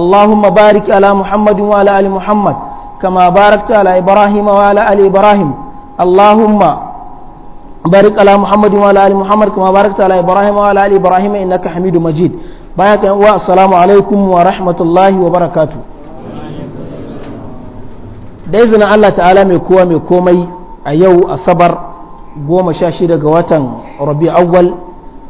اللهم بارك على محمد وعلى آل محمد كما باركت على إبراهيم وعلى آل إبراهيم اللهم بارك على محمد وعلى آل محمد كما باركت على إبراهيم وعلى آل إبراهيم إنك حميد مجيد بارك السلام عليكم ورحمة الله وبركاته دايزنا الله تعالى ta'ala mai kowa mai komai a yau asabar goma sha shida ga watan rabi awwal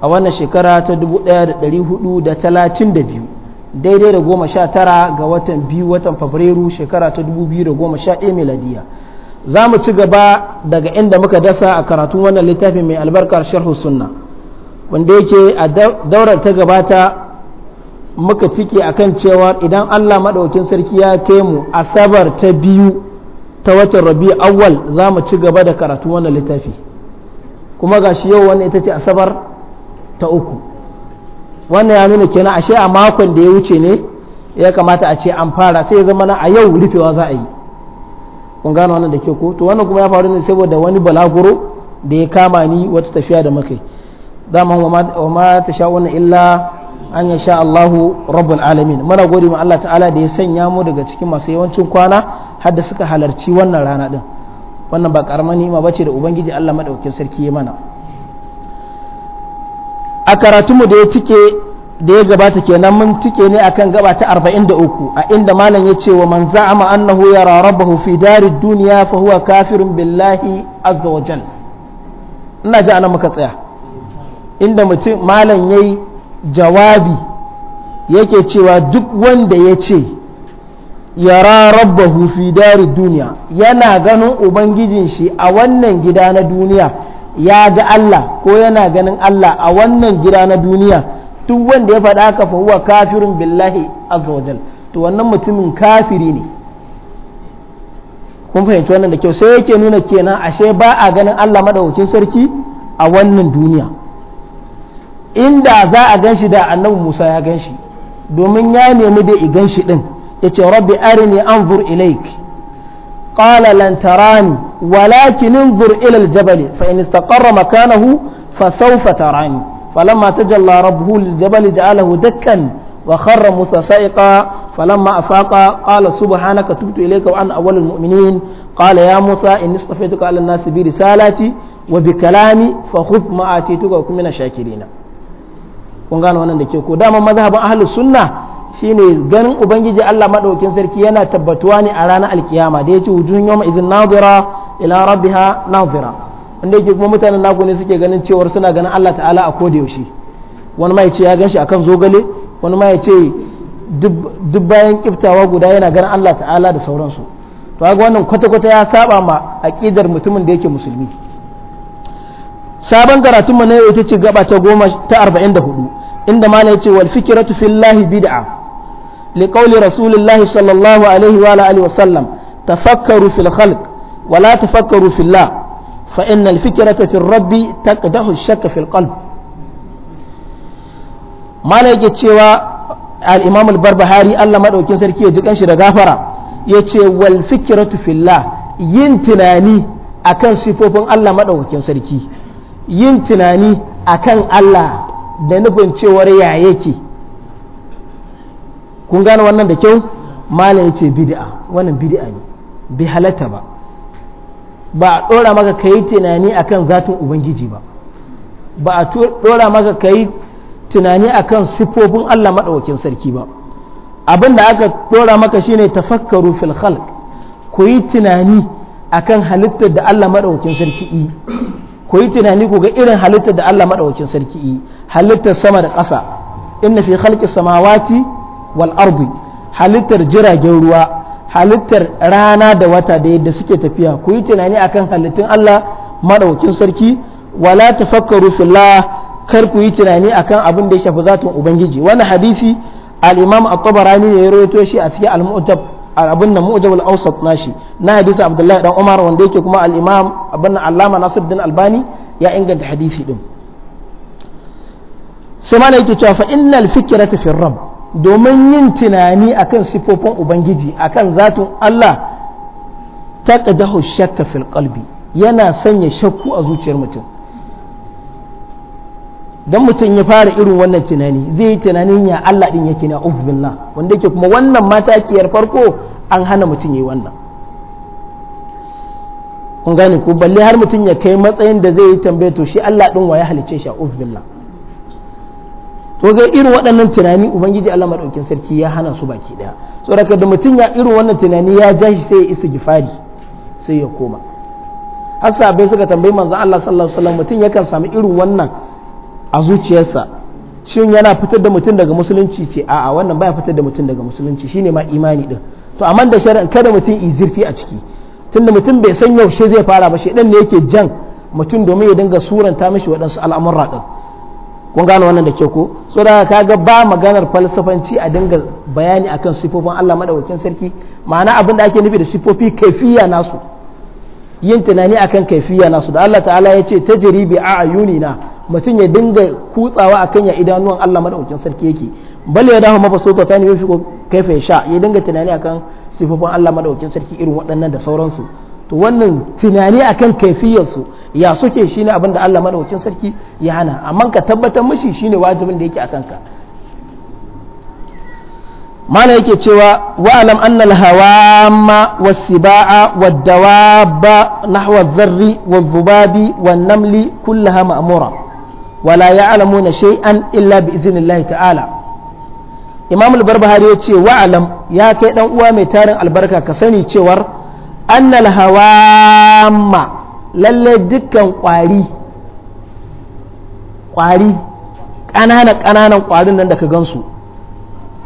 a wannan shekara ta 1432 daidai da goma sha tara ga watan biyu watan fabrairu shekara ta dubu biyu da goma sha ɗaya miladiya za mu ci gaba daga inda muka dasa a karatun wannan littafin mai albarkar sharhu sunna wanda yake a daurar ta gabata muka cike a kan cewa idan allah maɗaukin sarki ya kai mu asabar ta biyu ta watan rabi awwal za mu ci gaba da karatun wannan littafi kuma ga shi yau wannan ita ce asabar ta uku wannan ya nuna kenan ashe a makon da ya wuce ne ya kamata a ce an fara sai ya zama na a yau rufewa za a yi kun gano wannan da ke ko to wannan kuma ya faru ne saboda wani balaguro da ya kama ni wata tafiya da muka yi dama wa ma ta sha wannan illa an ya sha Allahu rabbul alamin muna gode ma Allah ta'ala da ya sanya mu daga cikin masu yawancin kwana har da suka halarci wannan rana din wannan ba karamar ni'ima ce da ubangiji Allah madaukakin sarki ya mana a karatunmu da ya tike da ya gabata kenan mun tike ne akan gaba ta 43 a inda malam ya ce wa man za'ama annahu yara rabbahu fi dari duniya fa huwa kafirun billahi azza wa ina ji anan muka tsaya inda mutum malam ya yi jawabi yake cewa duk wanda ya ce yara rabbahu fi dari duniya yana ganin ubangijin shi a wannan gida na duniya ya ga Allah ko yana ganin Allah a wannan jira na duniya duk wanda ya faɗa haka fa kafirin billahi a wajal to wannan mutumin kafiri ne kun fahimci wannan da kyau sai yake nuna kenan ashe ba a ganin Allah madaukakin sarki a wannan duniya inda za a gan shi da annabi Musa ya gan shi domin ya nemi da i gan shi ya ce rabbi arini anzur ilaik قال لن تراني ولكن انظر إلى الجبل فإن استقر مكانه فسوف تراني فلما تجلى ربه للجبل جعله دكا وخر موسى سائقا فلما أفاق قال سبحانك تبت إليك وأنا أول المؤمنين قال يا موسى إني اصطفيتك على الناس برسالتي وبكلامي فخذ ما آتيتك وكن من الشاكرين kun gane wannan da ke ko dama mazhabin ahlus sunna shine ganin ubangiji Allah Maɗaukin sarki yana tabbatuwa ne a ranar alkiyama da yace wujuhun yawma na nadira ila rabbiha nadira inda yake kuma mutanen naku ne suke ganin cewar suna ganin Allah ta'ala a koda yaushe wani ma yace ya ganshi akan zogale wani ma yace duk bayan kiftawa guda yana ganin Allah ta'ala da sauransu to ga wannan kwata-kwata ya saba ma aqidar mutumin da yake musulmi sabon karatunmu na yau ita ce gaba ta goma ta arba'in da hudu inda mala ya ce wal fikiratu fillahi bid'a لقول رسول الله صلى الله عليه وآله وسلم تفكروا في الخلق ولا تفكروا في الله فإن الفكرة في الرب تقدح الشك في القلب ما لك تشوى الإمام البربهاري ألا مدعو كنسر كي يجيك أنشي رغافرة يتشوى والفكرة في الله ينتناني أكن صفوف ألا مدعو كنسر كي ينتناني أكن الله da nufin cewar ya yake kun gane wannan da kyau malam ya ce bid'a wannan bid'a ne bai halatta ba ba a ɗora maka ka yi tunani a kan zatin ubangiji ba ba a ɗora maka ka yi tunani a kan sifofin allah maɗaukakin sarki ba abin da aka ɗora maka shine tafakkaru fil khalq ku yi tunani a kan halittar da allah maɗaukakin sarki yi ku yi tunani ku ga irin halittar da allah maɗaukakin sarki yi halittar sama da ƙasa inna fi khalqis samawati wal ardi halittar jiragen ruwa halittar rana da wata da yadda suke tafiya ku yi tunani akan halittun Allah maɗaukin sarki wala tafakkaru fillah kar ku yi tunani akan abin da ya shafi zatin ubangiji wannan hadisi al-imam at-tabarani ne ya rawaito shi a cikin al-mu'tab abin nan mu'jam al-awsat nashi na hadisi abdullahi dan umar wanda yake kuma al-imam abin nan allama nasiruddin albani ya inganta hadisi din sai mana yake cewa fa innal fikrata fi rabb domin yin tunani akan sifofin ubangiji akan zatun Allah hau shakka fil yana sanya shakku a zuciyar mutum don mutum ya fara irin wannan tunani zai yi tunanin ya Allah ɗin yake na bin na wanda yake kuma wannan matakiyar farko an hana mutum yi wannan kun gane ku. balle har mutum ya kai matsayin da zai yi tambaye to shi Allah ɗin wa ya halicce shi a bin na. to ga irin waɗannan tunani ubangiji Allah madaukin sarki ya hana su baki daya saboda da mutum ya irin wannan tunani ya ja shi sai ya isa gifari sai ya koma hasa bai suka tambayi manzo Allah sallallahu alaihi wasallam mutum yakan samu irin wannan a zuciyarsa shin yana fitar da mutum daga musulunci ce a'a wannan baya fitar da mutum daga musulunci shine ma imani din to amma da shari'an kada mutum yi zurfi a ciki tunda mutum bai san yaushe zai fara ba shi, shedan ne yake jan mutum domin ya dinga suranta mishi waɗansu al'amurra ɗin. kun gano wannan da kyau ko so da kaga ba maganar falsafanci a dinga bayani akan sifofin Allah madaukakin sarki ma'ana abin da ake nufi da sifofi kaifiya nasu yin tunani akan kaifiya nasu da Allah ta'ala ya ce tajribi a ayunina mutum ya dinga kutsawa akan ya idanuwan Allah madaukakin sarki yake bal ya dawo mafa sota ne yafi kaifa sha ya dinga tunani akan sifofin Allah madaukakin sarki irin waɗannan da sauransu to wannan tunani akan kaifiyarsu ya suke shine abin da Allah madaukakin sarki ya hana amma ka tabbatar mishi shine wajibin da yake akan ka mana yake cewa wa'alam anna al-hawama was-siba'a wad-dawabba nahwa dharri wadh-dhubabi wan-namli kullaha ma'mura wa la ya'lamuna shay'an illa bi idhnillahi ta'ala Imam al-Barbahari yace wa'alam ya kai dan uwa mai tarin albarka ka sani cewar annal hawamma lalle dukkan kwari kwari ƙananan ƙananan kwarin nan da ka gansu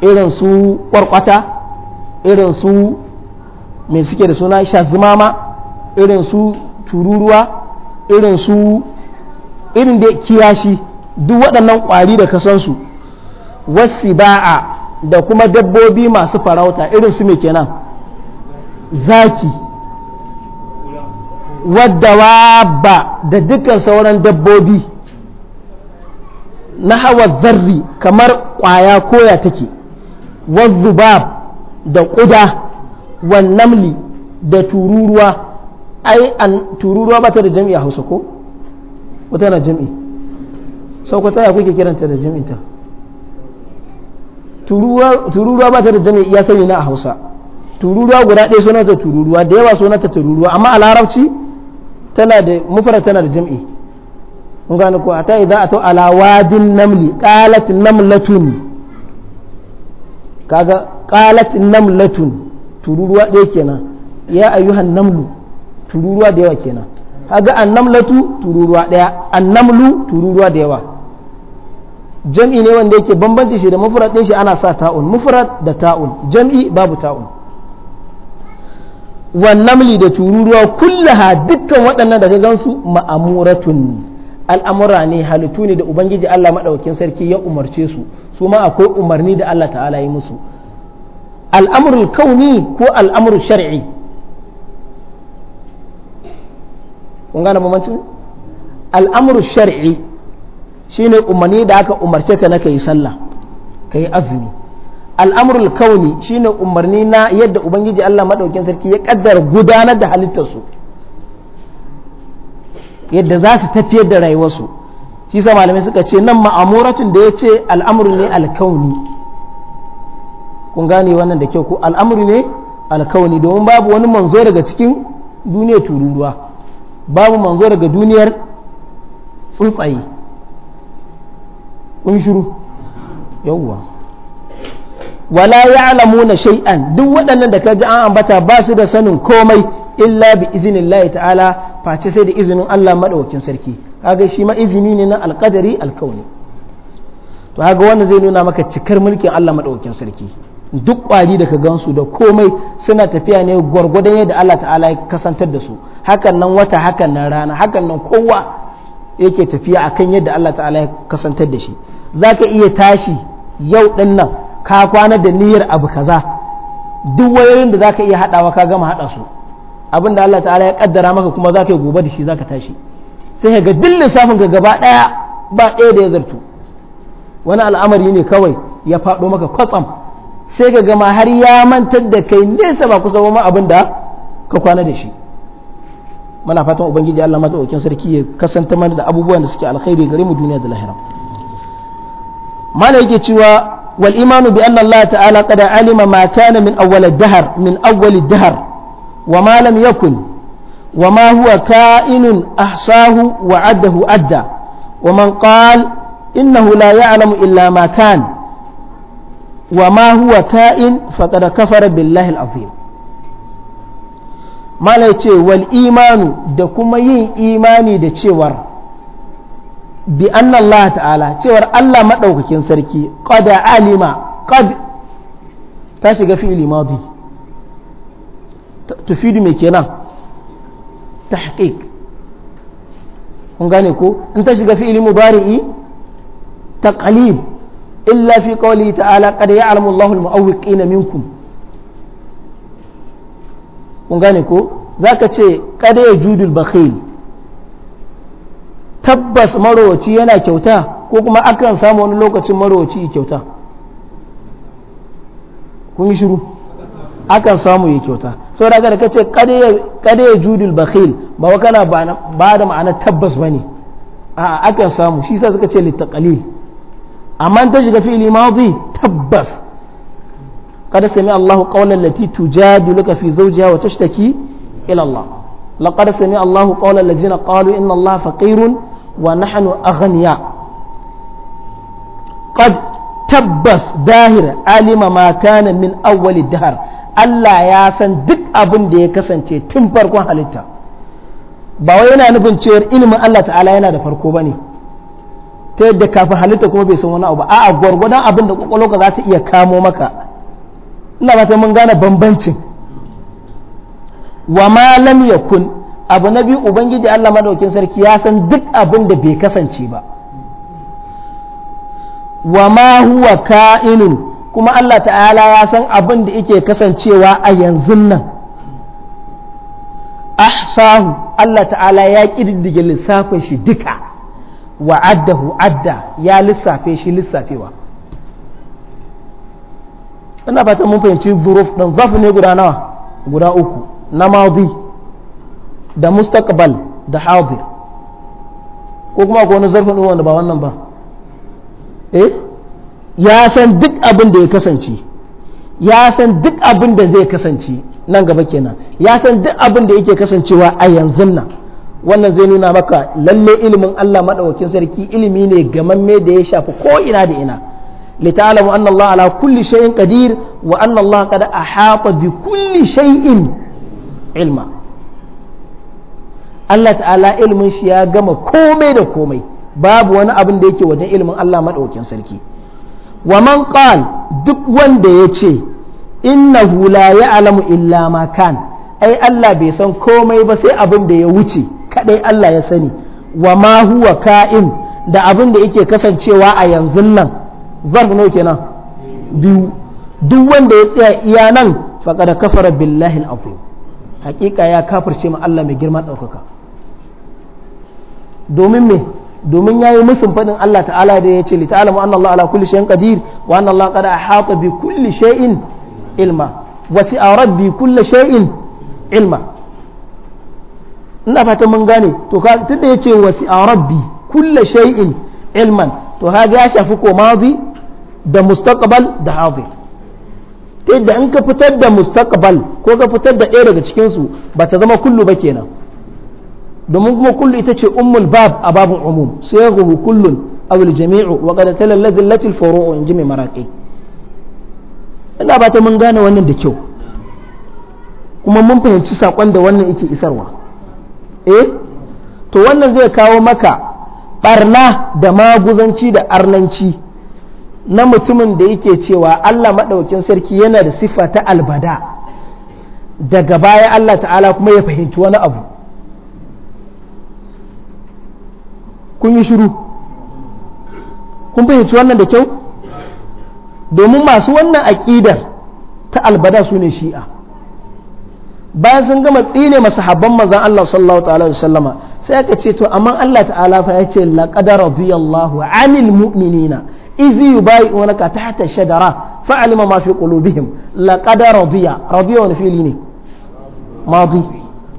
irin su kwarkwata irin su mai suke da suna shazumama irin su tururuwa irin su irin da kiyashi duk waɗannan kwari da ka su wasu ba'a da kuma dabbobi masu farauta irin su mai kenan zaki wadda da dukkan sauran dabbobi na hawa zarri kamar kwaya koya take wazubab da kuda namli da tururuwa ai an tururuwa ba ta da jami'a a hausa ko? wata na jami'i sau kwata ya kuke kiranta da jami'i ta tururuwa ba ta da jami'i ya sani na a hausa tururuwa guda ɗaya sunanta tururuwa da yawa sunanta tururuwa amma a larabci tana da mufarar tana da jam'i kun gane ko ata idza ato ala wadin namli qalat namlatun kaga qalat namlatun tururuwa ɗaya kenan ya ayyuhan namlu tururuwa da yawa kenan kaga annamlatu tururuwa daya annamlu tururuwa da yawa jam'i ne wanda yake bambanci shi da mufrad din shi ana sa ta'un mufrad da ta'un jam'i babu ta'un والنمل da tururuwa kullaha dukkan waɗannan daga gansu ma'amuratun al'amura ne halittu ne da ubangiji Allah maɗaukin sarki ya umarce su su ma akwai umarni da Allah ta'ala yi musu al'amurul kauni ko al'amurul shar'i kun gane bambancin al'amurul shine umarni da aka umarce ka na kai sallah kai azumi al'amurul kauni shine umarni na yadda ubangiji Allah maɗaukin sarki ya ƙaddar gudanar da halittarsu yadda za su tafiyar da rayuwarsu shi sa malamai suka ce nan ma'amuratun da ya ce al'amuru ne alkauni kun gane wannan da kyau ko al'amuru ne alkauni domin babu wani manzo daga cikin duniyar tururuwa babu manzo daga duniyar tsuntsaye kun shiru yawwa wala na shay'an duk waɗannan da ka ji an ambata ba su da sanin komai illa bi iznillahi ta'ala face sai da izinin Allah madaukakin sarki kaga shi ma izini ne na alqadari alkauni to kaga wannan zai nuna maka cikar mulkin Allah madaukakin sarki duk ƙwari da ka gansu da komai suna tafiya ne gwargwadon yadda Allah ta'ala ya kasantar da su hakan nan wata hakan nan rana hakan nan kowa yake tafiya akan yadda Allah ta'ala ya kasantar da shi zaka iya tashi yau din nan ka kwana da niyyar abu kaza duk wayoyin da zaka iya haɗawa ka gama haɗa su abin da Allah ta'ala ya kaddara maka kuma zaka yi gobe da shi zaka tashi sai ga duk lissafin ka gaba daya ba ɗaya da ya zartu wani al'amari ne kawai ya faɗo maka kwatsam sai ka gama har ya mantar da kai nesa ba kusa ba abin da ka kwana da shi muna fatan ubangiji Allah madaukakin sarki ya kasanta mana da abubuwan da suke alkhairi gare mu duniya da lahira mana yake cewa والإيمان بأن الله تعالى قد علم ما كان من أول الدهر من أول الدهر وما لم يكن وما هو كائن أحصاه وعده أدى ومن قال إنه لا يعلم إلا ما كان وما هو كائن فقد كفر بالله العظيم ما لا يتي والإيمان دكما يين إيماني دتشي ورق bi anna Allah ta'ala cewar Allah maɗaukakin sarki qad alima qad ta shiga fi'li madi tufidu kenan tahqiq kun gane in ta shiga fi'li mudari'i taqlib illa fi qawli ta'ala qad ya'lamu Allahu al-mu'awwiqina minkum kun zaka ce qad yajudul bakhil tabbas marowaci yana kyauta ko kuma akan samu wani lokacin marowaci kyauta kun yi shiru akan samu yi kyauta sau da ka ce kada ya judul bakhil ba wa kana ba da ma'ana tabbas ba ne a akan samu shi sa suka ce littakalil amma ta shiga fili madi tabbas kada sami Allahu qawlan lati tujadiluka fi zaujiya wa tashtaki ila Allah laqad sami Allahu qawlan ladina qalu inna Allah faqirun wa أغنياء قد تبس داهر dahir ما كان من min الدهر dahar ياسن ya san duk كسن تي ya kasance tun farkon halitta تير إنما yana nufin cewar ilimin Allah ta'ala yana da farko kafin halitta kuma bai san wani abu a gwargwadon abin da kwakwalwarka za ta iya kamo maka ina ba bambancin wa ma yakun abu na biyu ubangiji Allah madaukin sarki ya san duk abin da bai kasance ba wa ma huwa ka'inun kuma Allah ta'ala ya san abin da yake kasancewa a yanzu nan ahsahu Allah ta'ala ya kididdige lissafin shi duka wa addahu adda ya lissafe shi lissafewa ina fatan mun fahimci zuruf ɗin zafi ne guda nawa guda uku na madi da mustaqbal da hadir ko kuma akwai wani zarfin ɗin wanda ba wannan ba eh ya san duk abin da ya kasance ya san duk abin da zai kasance nan gaba kenan ya san duk abin da yake kasancewa a yanzu nan wannan zai nuna maka lalle ilimin Allah madaukakin sarki ilimi ne gamamme da ya shafi ko ina da ina لتعلموا أن الله على كل شيء قدير وأن الله قد أحاط بكل شيء علما Allah ta'ala ilimin shi ya gama komai da komai babu wani abin da yake wajen ilimin Allah maɗaukin sarki wa man qal duk wanda ya ce innahu la ya'lamu illa ma kan ai Allah bai san komai ba sai abin da ya wuce kadai Allah ya sani wa ma huwa ka'in da abin da yake kasancewa a yanzu nan zarf nawa kenan biyu duk wanda ya tsaya iya nan faqad kafara billahi al-azim hakika ya kafirce mu Allah mai girma ɗaukaka domin me domin yayi musun fadin Allah ta'ala da ya ce li ta'lamu anna Allah ala kulli shay'in qadir wa anna Allah qad ahata bi kulli shay'in ilma wa si'a rabbi kulli shay'in ilma ina fata mun gane to ka tunda ya ce wa si'a rabbi kulli shay'in ilman to ha ya shafi ko mazi da mustaqbal da hadir ta yadda in ka fitar da mustaqbal ko ka fitar da ɗaya daga cikinsu ba ta zama kullu ba kenan domin kuma kullu ita ce ummul bab a babun umum sai ya gubu kullun awul jami'u wa qad talallati latil furu'u in ji maraqi ina ba ta mun gane wannan da kyau kuma mun fahimci sakon da wannan yake isarwa eh to wannan zai kawo maka barna da maguzanci da arnanci na mutumin da yake cewa Allah maɗaukin sarki yana da siffa ta albada daga baya Allah ta'ala kuma ya fahimci wani abu kun yi shiru kun fahimci wannan da kyau domin masu wannan aƙidar ta albada su ne shi'a bayan sun gama tsine masu habban mazan Allah sallallahu ta'ala wa sallama sai aka ce to amma Allah ta'ala fa ya ce laqad radiyallahu 'anil mu'minina idh yubayi'unaka tahta shajara fa'alima ma fi qulubihim laqad radiya radiya wani fili ne madi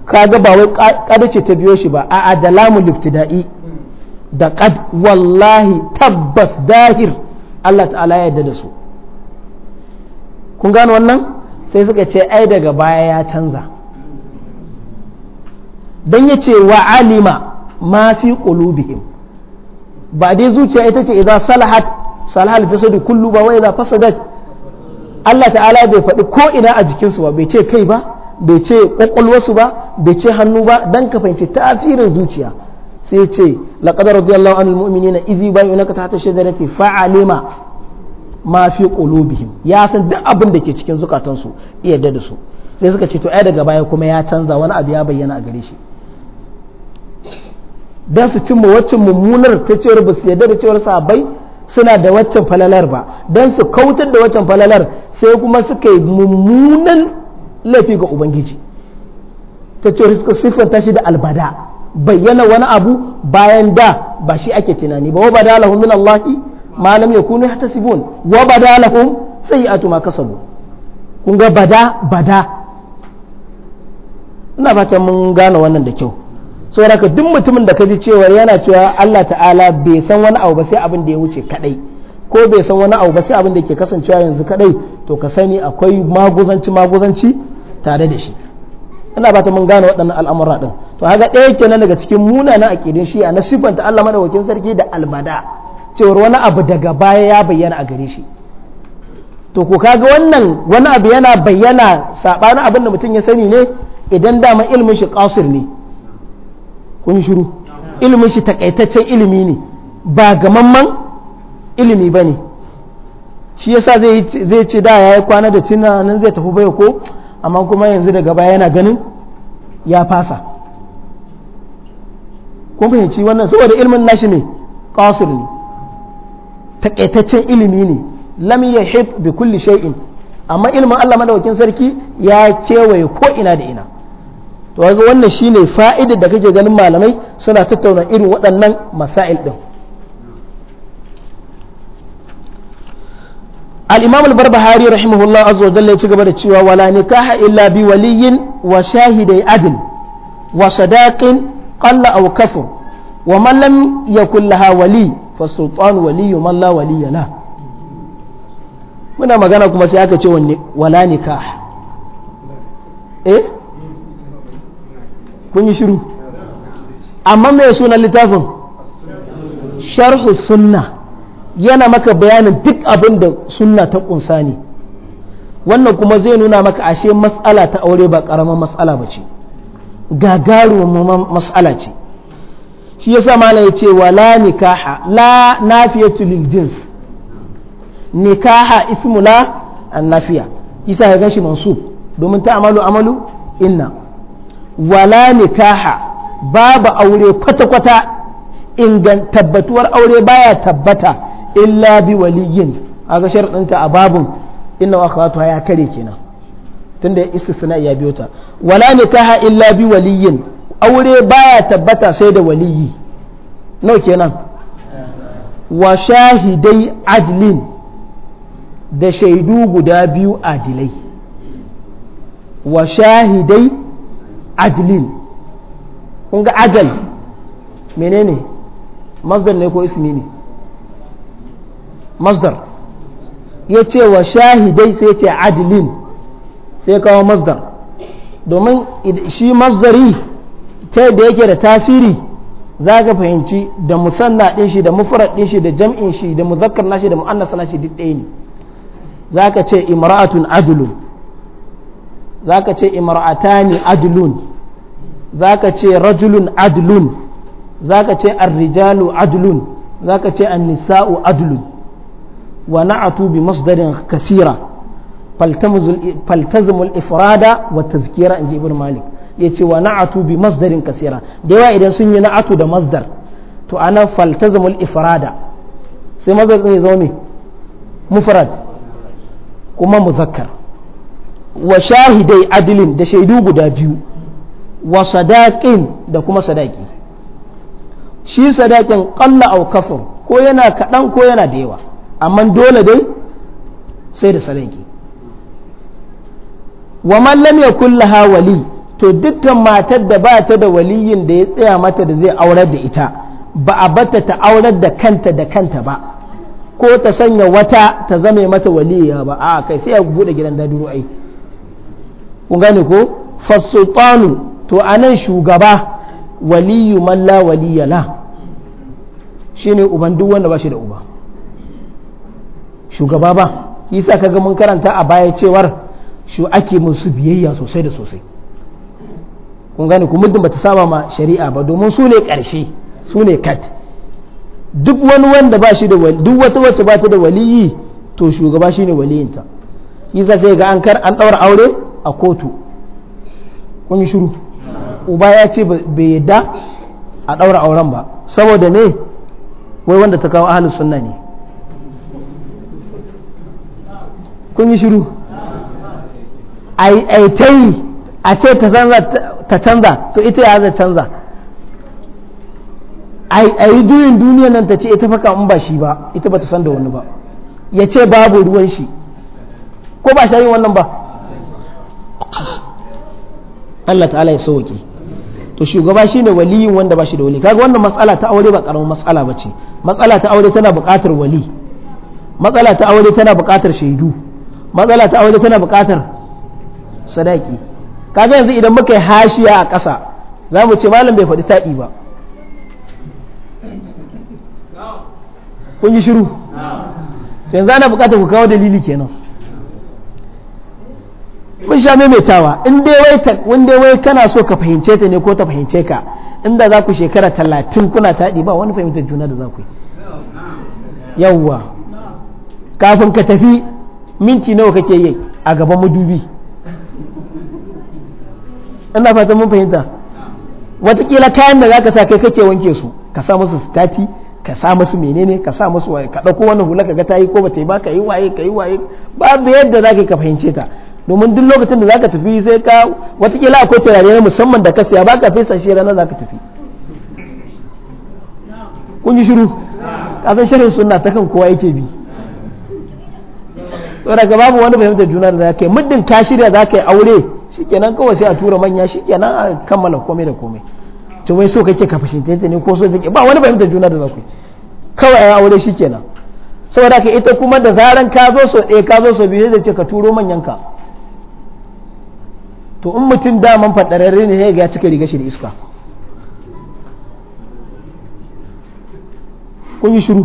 kaga ba wai kada ce ta biyo shi ba a'a da lamu liftida'i da ƙad wallahi tabbas dahir Allah ta'ala ya yarda da su kun gano wannan sai suka ce ai daga baya ya canza dan ya ce wa alima ma fi qulubihim ba dai zuciya ita ce idan salahat salahal jasadu kullu ba wa idan fasadat Allah ta'ala bai faɗi ko ina a jikinsu ba bai ce kai ba bai ce kwakwalwarsu ba bai ce hannu ba Dan ka fahimci tasirin zuciya sai ce bayan radiyallahu anil mu'minina idh yubayyinuka tahta shajarati fa'alima ma fi qulubihim ya san duk abin da ke cikin zukatansu iya da su sai suka ce to ai daga baya kuma ya canza wani abu ya bayyana a gare shi dan su cimma waccan mummunar ta cewar ba su yadda da cewar sabai suna da waccan falalar ba dan su kautar da waccan falalar sai kuma suka yi mummunan laifi ga ubangiji ta cewar suka siffanta shi da albada bayyana wani abu bayan da ba shi ake tunani ba wa lahum min Allah ma lam yakunu yahtasibun wa lahum sayi'atu ma kasabu kun ga bada bada ina fatan mun gane wannan da kyau saboda duk mutumin da kaji cewa yana cewa Allah ta'ala bai san wani abu ba sai abin da ya wuce kadai ko bai san wani abu ba sai abin da ke kasancewa yanzu kadai to ka sani akwai maguzanci maguzanci tare da shi ina ba ta mun gane waɗannan al'amura din to haka ɗaya kenan daga cikin munanan aƙidin shi'a na siffanta Allah madaukakin sarki da albada cewar wani abu daga baya ya bayyana a gare shi to ko kaga wannan wani abu yana bayyana saɓanin abin da mutum ya sani ne idan dama ilmin shi ƙasir ne kun shiru ilmin shi takaitaccen ilimi ne ba gamamman ilimi ba ne shi yasa zai ci da ya yi kwana da tunanin zai tafi bai ko amma kuma yanzu daga baya yana ganin ya fasa kun fahimci wannan saboda ilmin nashi ne qasir ne takaitaccen ilimi ne lam yahit bi kulli shay'in amma ilmin Allah madaukakin sarki ya kewaye ko ina da ina to kaga wannan shine fa'idar da kake ganin malamai suna tattauna irin waɗannan masail din al-imam al-barbahari rahimahullah azza ya ci gaba da cewa wala nikaha illa bi waliyin wa shahidai wa qalla aw kafur wa man lam yakul laha wali fa sultan wali man la la muna magana kuma sai aka ce wala nikah eh kun yi shiru amma mai sunan littafin sharhu sunna yana maka bayanin duk abin da sunna ta kunsa ne wannan kuma zai nuna maka ashe matsala ta aure ba ƙaramin matsala ba ce gagaruwar mas'ala ce shi ya sa mana ya ce wa la nikaha la nafiyatu lil jins nikaha ismu la an nafiya isa ya gashi mansub domin ta amalu amalu inna wala nikaha babu aure kwata-kwata ingan tabbatuwar aure baya tabbata illa bi waliyin a ga sharɗinta a babun inna wa ya kare kenan tunda istisna ya biyo ta wala ne ha illa bi waliyin aure baya tabbata sai da waliyi nau kenan wa shahidai adlin da shaidu guda biyu adilai wa shahidai adlin kun ga adal menene masdar ne ko ismi ne masdar ya ce wa shahidai sai ce adlin sai kawo masdar domin shi masdari ta yadda yake da tasiri za ka fahimci da musanna ɗin shi da mufarar ɗin shi da jam'in shi da muzakkar nashi da mu'annasa nashi duk ɗaya ne za ka ce imra'atun adlun za ka ce imra'atani adlun za ka ce rajulun adlun za ka ce arrijalu adlun za ka ce annisa'u adlun wa na'atu bi masdarin kasira faltazimul ifrada wa tazkira inji ibn malik ce wa na'atu bi masdarin kasira da yawa idan sun yi na'atu da masdar to ana faltazimul ifrada sai masdar din ya zama me mufrad kuma muzakkar wa shahidai adilin da shaidu guda biyu wa sadaqin da kuma sadaki shi sadakin qalla aw kafur ko yana kaɗan ko yana da yawa amma dole dai sai da sadaki wa man lam yakul laha wali to dukkan matar da ba ta da waliyin da ya tsaya mata da zai aurar da ita ba a bata ta aurar da kanta da kanta ba ko ta sanya wata ta zame mata waliya ba a kai sai ya bude gidan duru ai kun gane ko fasultanu to anan shugaba waliyu man la waliya la shine uban duk wanda ba shi da uba shugaba ba yasa kaga mun karanta a baya cewar shi ake musu biyayya sosai da sosai kun gane ku muddin bata saba ma shari'a ba domin su ne karshe su ne kat duk wani wanda ba shi da duk wata wacce ba ta da waliyi to shugaba shine waliyinta isa sai ga an kar an daura aure a kotu kun yi shiru uba ya ce bai yadda a daura auren ba saboda me wai wanda ta kawo ahlus sunna ne kun yi shiru ai ta yi a ce ta canza to ita ya zai canza a yi duyin duniya nan ta ce ita faka in ba shi ba ita ba ta san da wani ba ya ce babu ruwan shi ko ba shayin wannan ba Allah ta'ala ya sauke to shugaba shi shine waliyin wanda ba shi da wali kaga wannan matsala ta aure ba karamin matsala ba ce matsala ta aure tana buƙatar wali matsala ta aure tana buƙatar shaidu matsala ta aure tana buƙatar sadaki kaga yanzu idan muka yi hashiya a ƙasa za mu ce malam bai faɗi taɗi ba kun yi shiru yanzu ana buƙatar ku kawo dalili kenan mun sha maimaitawa in dai wai kana so ka fahimce ta ne ko ta fahimce ka inda za ku shekara talatin kuna taɗi ba wani fahimtar juna da za ku yi yawwa kafin ka tafi minti nawa kake yi a gaban madubi ina fata mun fahimta watakila kayan da zaka sa kai kake wanke su ka sa musu sitati ka sa musu menene ka sa musu waye ka dauko wannan hula ka ga tayi ko ba tayi ba ka yi waye ka yi waye babu yadda zaka ka fahimce ta domin duk lokacin da zaka tafi sai ka watakila akwai turare na musamman da ka siya baka fesa shi ranar zaka tafi kun ji shiru kafin shirin sunna ta kan kowa yake bi to daga babu wani fahimtar juna da zaka yi muddin ka shirya zaka yi aure shikenan kawai sai a tura manya shikenan a kammala komai da komai to wai so kake ka fashin tete ne ko so take ba wani fahimtar juna da za ku kawai ya aure shikenan saboda ka ita kuma da zaran ka zo so ɗaya ka zo so biyu da ce ka turo manyanka to in mutum daman fadararre ne ya ga cika riga shi da iska kun yi shiru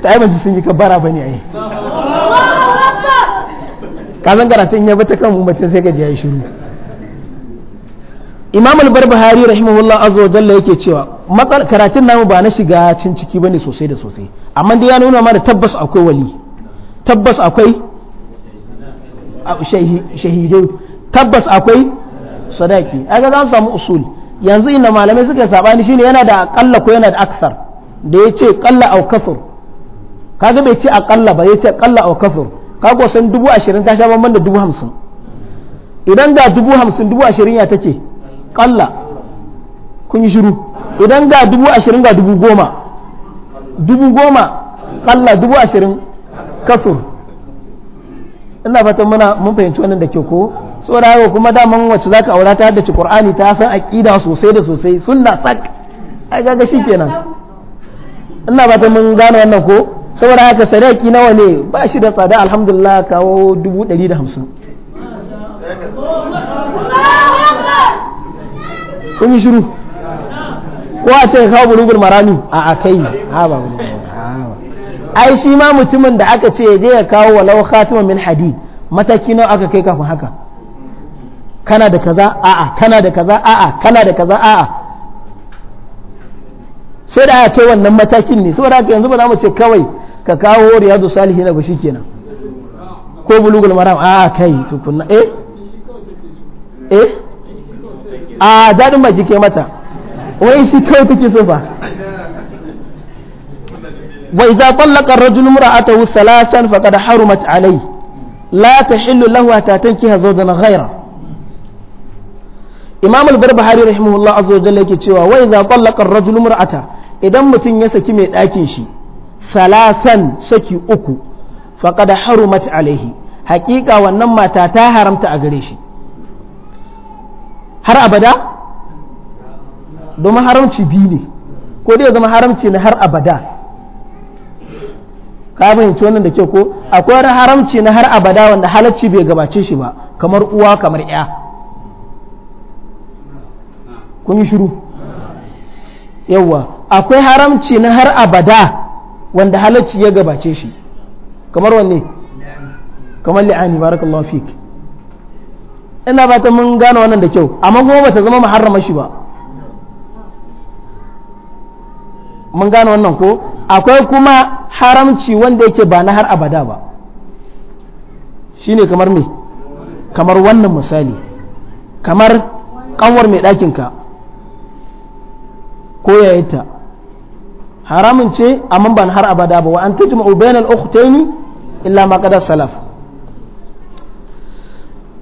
ta yi sun yi kabara ba ne a yi ka san karatun ya bata kan umarcin sai ka ji shiru Imam al-Barbahari rahimahullah azza wa jalla yake cewa matsal karatun namu ba na shiga cin ciki bane sosai da sosai amma dai ya nuna mana tabbas akwai wali tabbas akwai shahidai tabbas akwai sadaki aga za samu usul yanzu inda malamai suka sabani shine yana da akalla ko yana da aksar da ya ce kalla au kafur kaga bai ce akalla ba ya ce kalla au kafur kago san dubu ashirin ta sha bamban da dubu hamsin idan ga dubu hamsin dubu ashirin ya take kalla kun yi shiru idan ga dubu ashirin ga dubu goma dubu goma kalla dubu ashirin kafin ina fatan muna mun fahimci wannan da ke ko saboda haka kuma daman wacce zaka aura ta haddace qur'ani ta san aqida sosai da sosai sunna sak ai ga shi kenan ina fatan mun gane wannan ko saboda haka sadaki nawa ne ba shi da tsada alhamdulillah kawo dubu ɗari da hamsin kun yi shiru ko a ce kawo bulugul marami a akai kai ha ba ai shi ma mutumin da aka ce je ya kawo walau khatima min hadid mataki nawa aka kai kafin haka kana da kaza a'a kana da kaza a'a kana da kaza a'a sai da aka kai wannan matakin ne saboda haka yanzu ba za mu ce kawai ka kawo riyadu salihina ba kenan ko bulugul maram a kai tukunna eh eh a dadin baki ke mata wai shi kawai take so fa wa idza talaqa ar-rajulu imra'atahu thalathan faqad harumat alayhi la tahillu lahu hatta tankiha zawjan ghayra imam al-barbahari rahimahullah azza wa jalla yake cewa wa idza talaqa ar-rajulu imra'ata idan mutum ya saki mai ɗakin shi salasan saki uku faqad harumat alaihi haƙiƙa wannan mata ta haramta a gare shi har abada domin haramci biyu ne ko dai zama haramci na har abada ka fahimci wannan da ke ko akwai wani haramci na har abada wanda halacci bai gabace shi ba kamar uwa kamar ya kun yi shiru yawwa akwai haramci na har abada wanda halacci ya gabace shi kamar wanne kamar li'ani barakallahu fik ina ba ta mun gane wannan da kyau amma kuma ba ta zama muharrama shi ba mun gane wannan ko akwai kuma haramci wanda yake ba na har abada ba shine kamar me kamar wannan misali kamar kanwar mai ɗakinka ko yayinta haramun ce amma ban har abada ba wa an tajma'u bainal ukhtaini illa ma qad salaf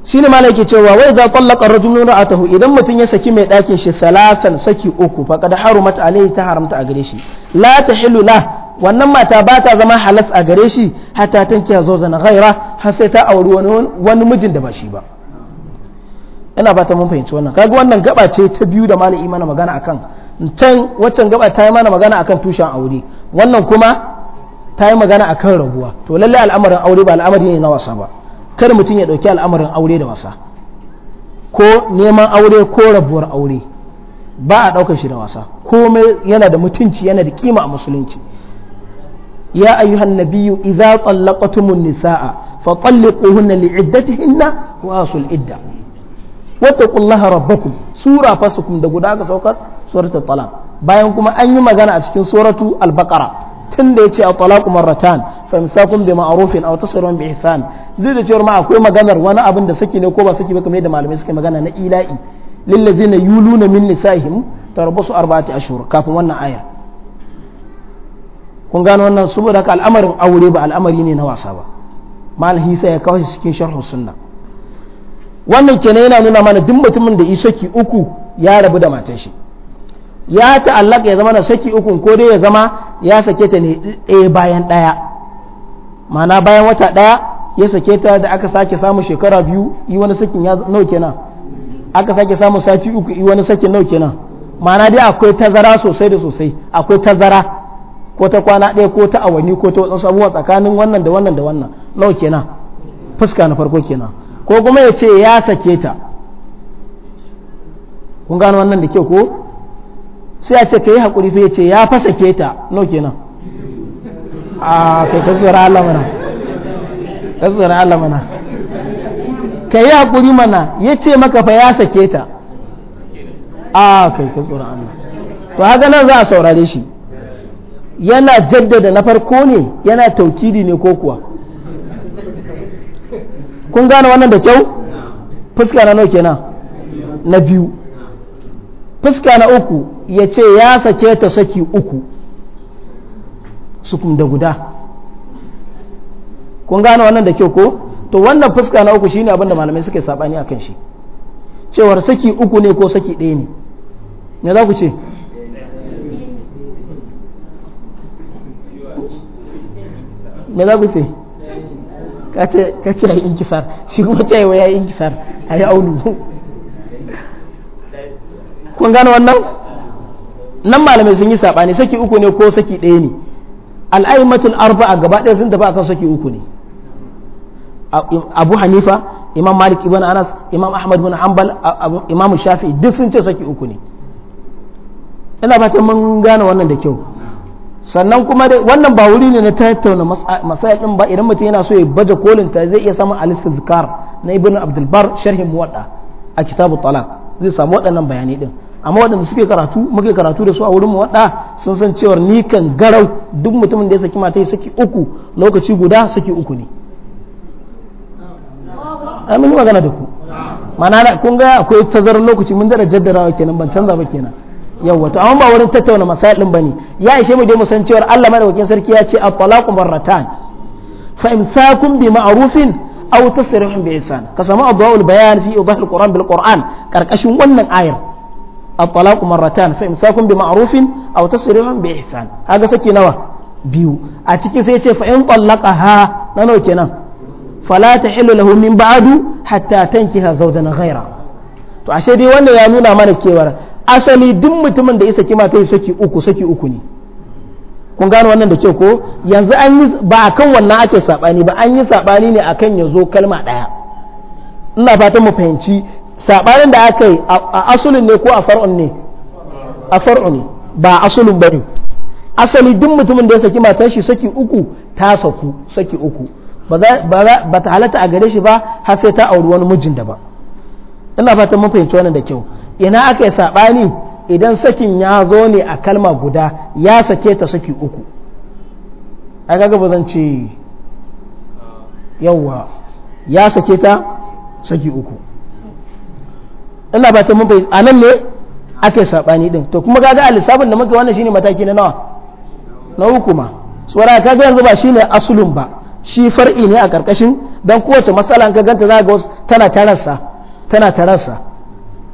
shine malai yake cewa wai idza tallaqa a ra'atahu idan mutum ya saki mai ɗakin shi salasan saki uku haru harumat alaihi ta haramta a gare shi la tahillu la wannan mata ba ta zama halas a gare shi hatta zo zana ghaira har sai ta auri wani wani mijin da ba shi ba ina ba ta mun fahimci wannan kaga wannan gaba ce ta biyu da malai imana magana akan can waccan gaba ta yi mana magana akan tushen aure wannan kuma ta yi magana akan rabuwa to lallai al'amarin aure ba al'amari ne na wasa ba kar mutum ya ɗauki al'amarin aure da wasa ko neman aure ko rabuwar aure ba a ɗaukar shi da wasa komai yana da mutunci yana da kima a musulunci Ya nabiyyu idza tallaqatumun nisaa fa tallaquhunna li'iddatihinna wa asul idda. wattaqullaha rabbakum sura fasukum da guda aka saukar suratul talaq bayan kuma an yi magana a cikin suratu al-baqara ya ce a talaku marratan fa imsakun bi ma'rufin aw tasrun bi ihsan zai da cewa ma akwai maganar wani abin da saki ne ko ba saki ba kamar yadda malamai suke magana na ila'i lillazina yuluna min nisaihim tarabbasu arba'ati ashhur kafin wannan aya kun gano wannan saboda haka al'amarin aure ba al'amari ne na wasa ba mal hisa ya kawo cikin sharhur sunna wannan kenan yana nuna mana duk mutumin da saki uku ya rabu da matan shi ya ta'allaka ya zama na saki uku ko dai ya zama ya sake ta ne a bayan ɗaya mana bayan wata ɗaya ya sake ta da aka sake samu shekara biyu yi wani sakin ya nau kenan aka sake samu sati uku yi wani sakin nau kenan mana dai akwai tazara sosai da sosai akwai tazara ko ta kwana ɗaya ko ta awanni ko ta wasu abubuwa tsakanin wannan da wannan da wannan nau kenan fuska na farko kenan ko kuma ya ce ya sake ta kun gano wannan da kyau ko sai a ce ka yi haƙuri fiye ya ce ya fa sake ta no kenan a kai ka tsira Allah mana ka tsira Allah mana ka yi haƙuri mana ya ce maka fa ya sake ta a kai ka tsira Allah to haka nan za a saurare shi yana jaddada na farko ne yana taukidi ne ko kuwa kun gane wannan da kyau fuska na nawa kenan na biyu fuska na uku ya ce ya sake ta saki uku sukun da guda kun gane wannan da kyau ko to wannan fuska na uku shine abinda malamai suke sabani akan shi cewar saki uku ne ko saki ɗaya ne ne za ku ce me za ku ce ka ce ya yi inkisar shi kuma cewa ya yi inkisar a yi aulu kun gano wannan nan malamai sun yi saɓani saki uku ne ko saki ɗaya ne al'aimatul arba a gaba ɗaya sun tafi akan saki uku ne abu hanifa imam malik ibn anas imam ahmad bin hanbal imam shafi duk sun ce saki uku ne ina fatan mun gane wannan da kyau sannan kuma dai wannan ba wuri ne na tattauna masaya din ba idan mutum yana so ya baje kolin ta zai iya samun alistar zikar na ibn abdulbar sharhin muwadda a kitabu talak zai samu waɗannan bayanai din amma waɗanda suke karatu muke karatu da su a wurin muwadda sun san cewar ni kan garau duk mutumin da ya saki mata ya saki uku lokaci guda saki uku ne amin magana da ku ma'ana kun ga akwai tazarar lokaci mun da jaddarawa kenan ban canza ba kenan yawa to amma ba wurin tattauna masail din bane ya ishe mu dai mu san cewar Allah madaukakin sarki ya ce at-talaqu marratan fa imsakun bi ma'rufin aw tasrihun bi ihsan ka samu adwaul bayan fi idah al-quran bil quran karkashin wannan ayar at-talaqu marratan fa imsakun bi ma'rufin aw tasrihun bi ihsan kaga saki nawa biyu a cikin sai ce fa in ha na nawa nan fala tahillu lahu min ba'du hatta tankiha zawjan ghaira to ashe dai wanda ya nuna mana cewar asali duk mutumin da ya saki mata ya saki uku saki uku ne kun gano wannan da kyau ko yanzu an yi ba a kan wannan ake sabani ba an yi sabani ne akan ya zo kalma daya ina fatan mu fahimci sabanin da aka yi a asulin ne ko a far'un ne a far'un ne ba asulin bane asali duk mutumin da ya saki mata shi saki uku ta saku saki uku ba ta halatta a gare shi ba har sai ta auri wani mijin da ba ina fatan mun fahimci wannan da kyau ina aka yi saɓani idan sakin ya zo ne a kalma guda ya sake ta saki uku a gaga ba zan ce yawwa ya sake ta saki uku ina ba ta mabai a nan ne ake saɓani din to kuma gaga a lissafin da muke wannan shine mataki na nawa na uku ma tsora kaga yanzu ba shine asulun ba shi far'i ne a ƙarƙashin don kowace matsala an ka ganta za ga wasu tana tararsa tana tararsa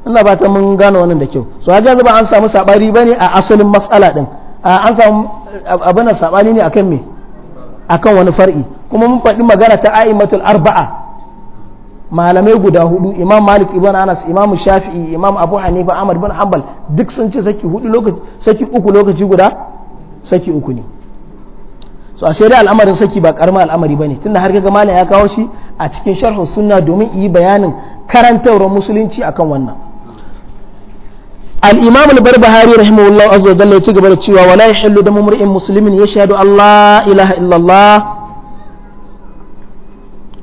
ina ba ta mun gano wannan da kyau so haja zuba an samu sabari bane a asalin matsala din an samu abin da sabani ne akan me akan wani far'i kuma mun faɗi magana ta aimatul arba'a malamai guda hudu imam malik ibn anas imam shafi'i imam abu hanifa amr bin hanbal duk sun ce saki hudu lokaci saki uku lokaci guda saki uku ne so a shari'a al'amarin saki ba karamar al'amari bane tunda har kaga malam ya kawo shi a cikin sharhu sunna domin yi bayanin karantawar musulunci akan wannan al-imam al-barbahari rahimahullah azza jalla ya ci gaba da cewa wala yahillu damu mar'in muslimin allah ilaha illallah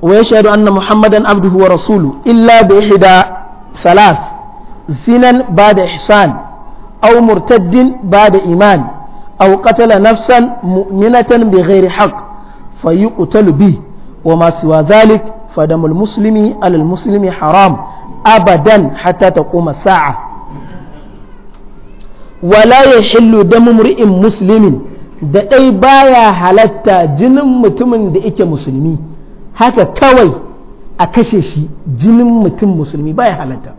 wa yashhadu anna muhammadan abduhu wa rasuluhu illa bi ihda thalath zinan ba'da ihsan au murtaddin ba'da iman aw qatala nafsan mu'minatan bighairi haqq fayuqtalu bihi وما سوى ذلك فدم المسلم على haram abadan أبدا ta kuma الساعة wala ya hillu damu mur'in muslimin da ɗai baya halatta jinin mutumin da yake musulmi haka kawai a kashe shi jinin mutum musulmi baya halatta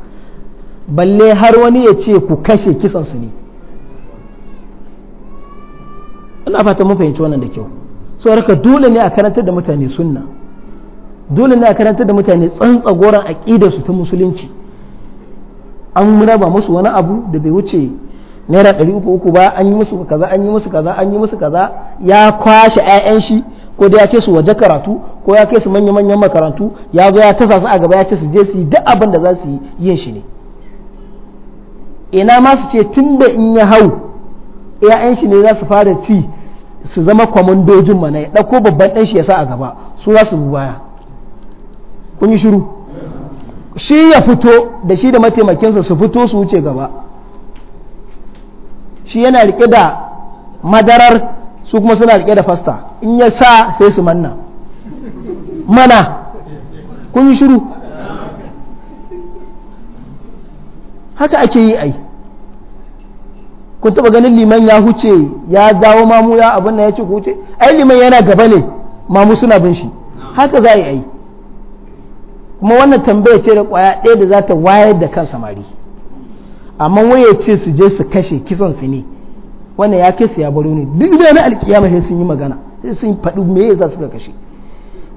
balle har wani ya ce ku kashe kisan su ne ina fata mun fahimci wannan da kyau saboda dole ne a karantar da mutane sunna dole ne a karantar da mutane tsantsagoran aƙidar su ta musulunci an raba musu wani abu da bai wuce naira ɗari uku uku ba an yi musu kaza an yi musu kaza an yi musu kaza ya kwashe 'ya'yan shi ko da ya ce su waje karatu ko ya kai su manya manyan makarantu ya zo ya tasa su a gaba ya ce su je su yi duk abin da za su yi yin shi ne ina ma su ce tun da in ya hau 'ya'yan shi ne za su fara ci su zama kwamandojin mana ya ɗauko babban ɗan shi ya sa a gaba su za su bi baya kun yi shiru shi ya fito da shi da mataimakinsa su fito su wuce gaba shi yana rike da madarar su kuma suna rike da fasta in ya sa sai su manna mana kun yi shiru haka ake yi ai kun taba ganin liman ya huce ya dawo mamu ya abin da ya ci huce ai liman yana gaba ne mamu suna bin shi haka za a yi ai kuma wannan tambaya ce da kwaya ɗaya da za ta wayar da kan samari amma waye ce su je su kashe kisan su ne wanda ya kisa ya baro ne duk da na alkiyama sai sun yi magana sai sun faɗi me yasa suka kashe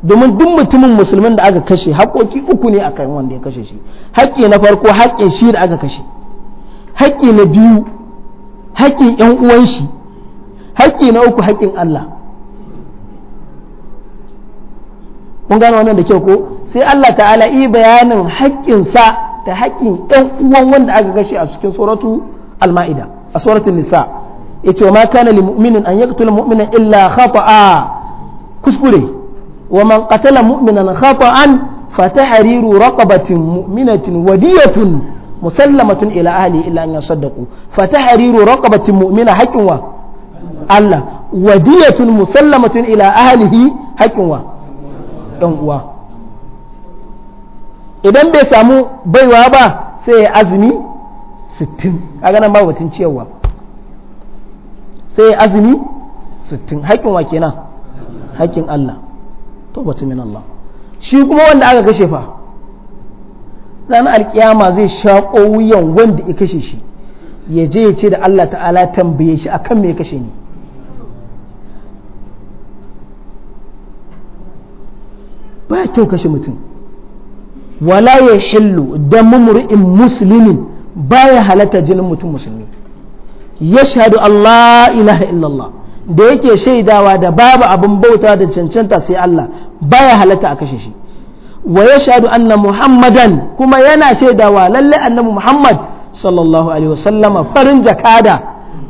domin duk mutumin musulmin da aka kashe haƙoƙi uku ne akan wanda ya kashe shi haƙƙi na farko haƙƙin shi da aka kashe haƙƙi na biyu haƙƙin ƴan uwan shi haƙƙi na uku haƙƙin Allah kun gano wannan da kyau ko sai Allah ta'ala yi bayanin haƙƙinsa sa da haƙƙin ɗan uwan wanda aka gashi a cikin suratu al-ma'ida a suratul nisa yace ma kana lil mu'minin an yaqtula mu'mina illa khata'a kuskure wa man qatala mu'minan khata'an fatahriru raqabatin mu'minatin wadiyatun musallamatun ila ahli illa an yasaddaqu fatahriru raqabatin mu'mina haqqin wa Allah wadiyatun musallamatun ila ahlihi haqqin wa ɗan uwa idan bai samu baiwa ba sai ya azumi 60 kaga nan babu batun ciyarwa sai ya azumi 60 haƙƙin wa kenan haƙƙin Allah tawbatu min Allah shi kuma wanda aka kashe fa ranar alkiyama zai shaƙo wuyan wanda ya kashe shi ya je ya ce da Allah ta'ala tambaye shi akan me ya kashe ni ba kyau kashe mutum wala ya shillu dan mumri'in muslimin baya halatta jinin mutum ya shahadu Allah ilaha illallah da yake shaidawa da babu abin bauta da cancanta sai Allah baya halatta a kashe shi wa ya shahadu anna muhammadan kuma yana shaidawa lalle annabi muhammad sallallahu alaihi wasallama farin jakada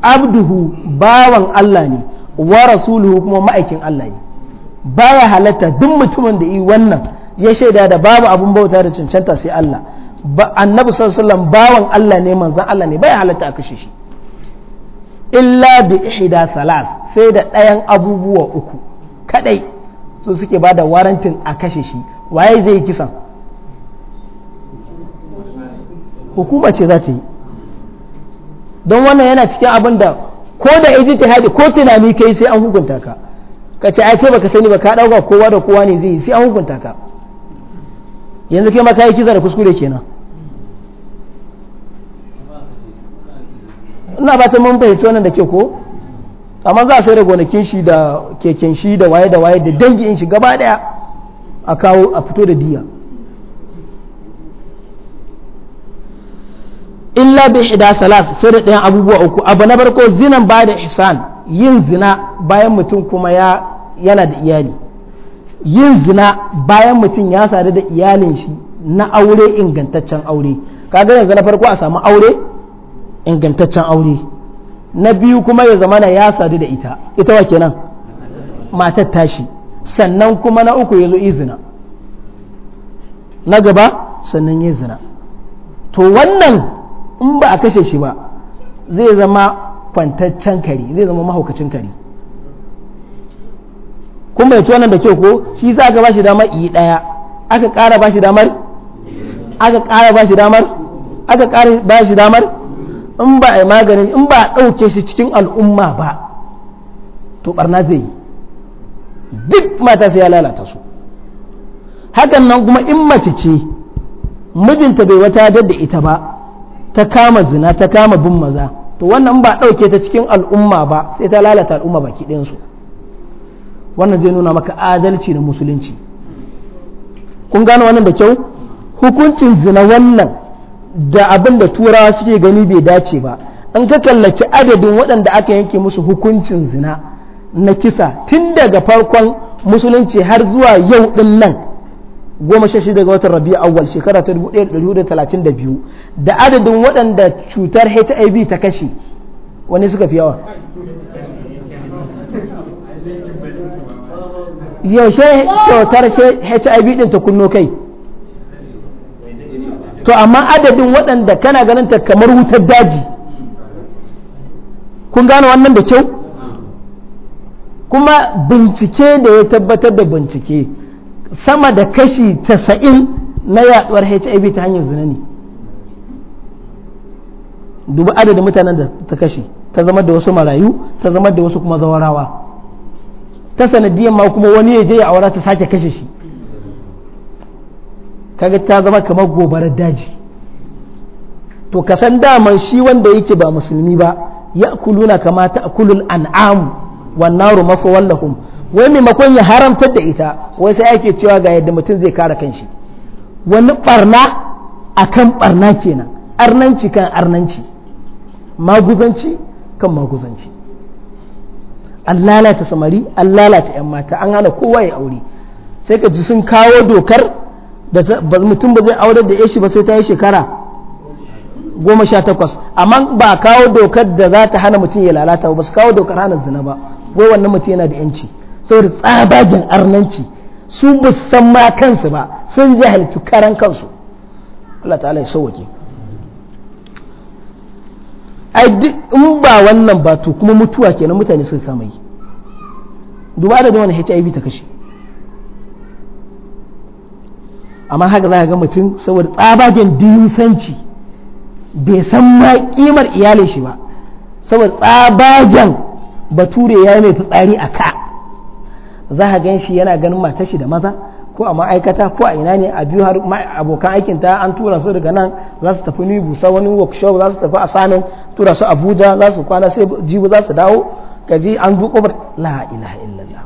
abduhu bawan Allah ne wa rasuluhu kuma ma'aikin Allah ne baya halatta duk mutumin da yi wannan ya shaida da babu abun bauta da cancanta sai Allah annabi sallallahu bawan Allah ne manzon Allah ne bai halatta a kashe shi illa bi ihda salas sai da ɗayan abubuwa uku kadai su suke ba da warantin a kashe shi waye zai yi kisan hukuma ce za ta yi don wannan yana cikin abin da ko da ijtihadi ko tunani kai sai an hukunta ka ka ce ai kai baka sani ba ka dauka kowa da kowa ne zai yi sai an hukunta ka yanzu kai ma yi kiza da kuskure kenan ina ba ta mun fahimci wannan da ke ko amma za a sai da gonakin shi da keken shi da waye da waye da dangi in shi gaba daya a kawo a fito da diya illa bi hida salat sai da ɗayan abubuwa uku abu na farko zinan ba da ihsan yin zina bayan mutum kuma yana da iyali yin zina bayan mutum ya sadu da iyalin shi na aure ingantaccen aure kaga yanzu na farko a samu aure ingantaccen aure na biyu kuma ya zamana ya sadu da ita ita wa kenan matar tashi sannan kuma na uku ya zo izina na gaba sannan ya zina to wannan in ba a kashe shi ba zai zama kwantaccen kari zai zama mahaukacin kari kun bai wannan da kyau ko shi za ka shi damar iya ɗaya aka ƙara ba shi damar aka ƙara ba shi damar aka ƙara ba shi damar in ba a maganin in ba a ɗauke shi cikin al'umma ba to ɓarna zai yi duk mata sai ya lalata su hakan nan kuma in mace ce mijinta bai wata da ita ba ta kama zina ta kama bin maza to wannan ba ɗauke ta cikin al'umma ba sai ta lalata al'umma baki ɗinsu wannan zai nuna maka adalci da musulunci kun gane wannan da kyau hukuncin zina wannan da abin da turawa suke gani bai dace ba an ka kallaci adadin waɗanda aka yanke musu hukuncin zina na kisa tun daga farkon musulunci har zuwa yau ɗin nan goma sha shida ga watan rabi'a awwal shekara ta biyu da adadin waɗanda cutar hiv ta kashe wani suka fi yawa yaushe kyautar hiv din ta kunno kai to amma adadin waɗanda kana ganin ta kamar wutar daji kun gane wannan da kyau kuma bincike da ya tabbatar da bincike sama da kashi casa'in na yaduwar hiv ta hanyar zina ne dubu adadin mutanen da ta kashi ta zama da wasu marayu ta zama da wasu kuma zawarawa ta sanadiyar ma kuma wani ya je ya aura ta sake kashe shi kaga ta zama kamar gobarar daji to ka san daman shi wanda yake ba musulmi ba ya kuluna kama ta kulul an'am wan naru wallahum wai maimakon ya haramtar da ita wai sai ake cewa ga yadda mutum zai kare kanshi wani barna akan barna kenan arnanci kan arnanci maguzanci kan maguzanci an lalata samari an lalata 'yan mata an hana kowa ya aure sai ka ji sun kawo dokar da mutum ba zai aure da yashi ba sai ta yi shekara goma sha takwas amma ba kawo dokar da za ta hana mutum ya lalata ba su kawo dokar hana zina ba wai wannan mutum yana da yanci saboda tsabagen arnanci su ba san ma kansu ba sun jahilci karan kansu Allah ta'ala ya sauwake ai duk in ba wannan ba to kuma mutuwa kenan mutane suka kama yi duba da wani hiv ta kashe amma haka za ga mutum saboda tsabagen dinsanci bai san ma kimar iyalin shi ba saboda tsabagen bature ya mai fitsari a ka za ka gan shi yana ganin matashi da maza ko a ma'aikata ko a ina ne a biyu har abokan aikin ta an tura su daga nan za su tafi ni busa wani workshop za su tafi a samin tura su abuja za su kwana sai jibu za su dawo ka ji an duk bar la ilaha illallah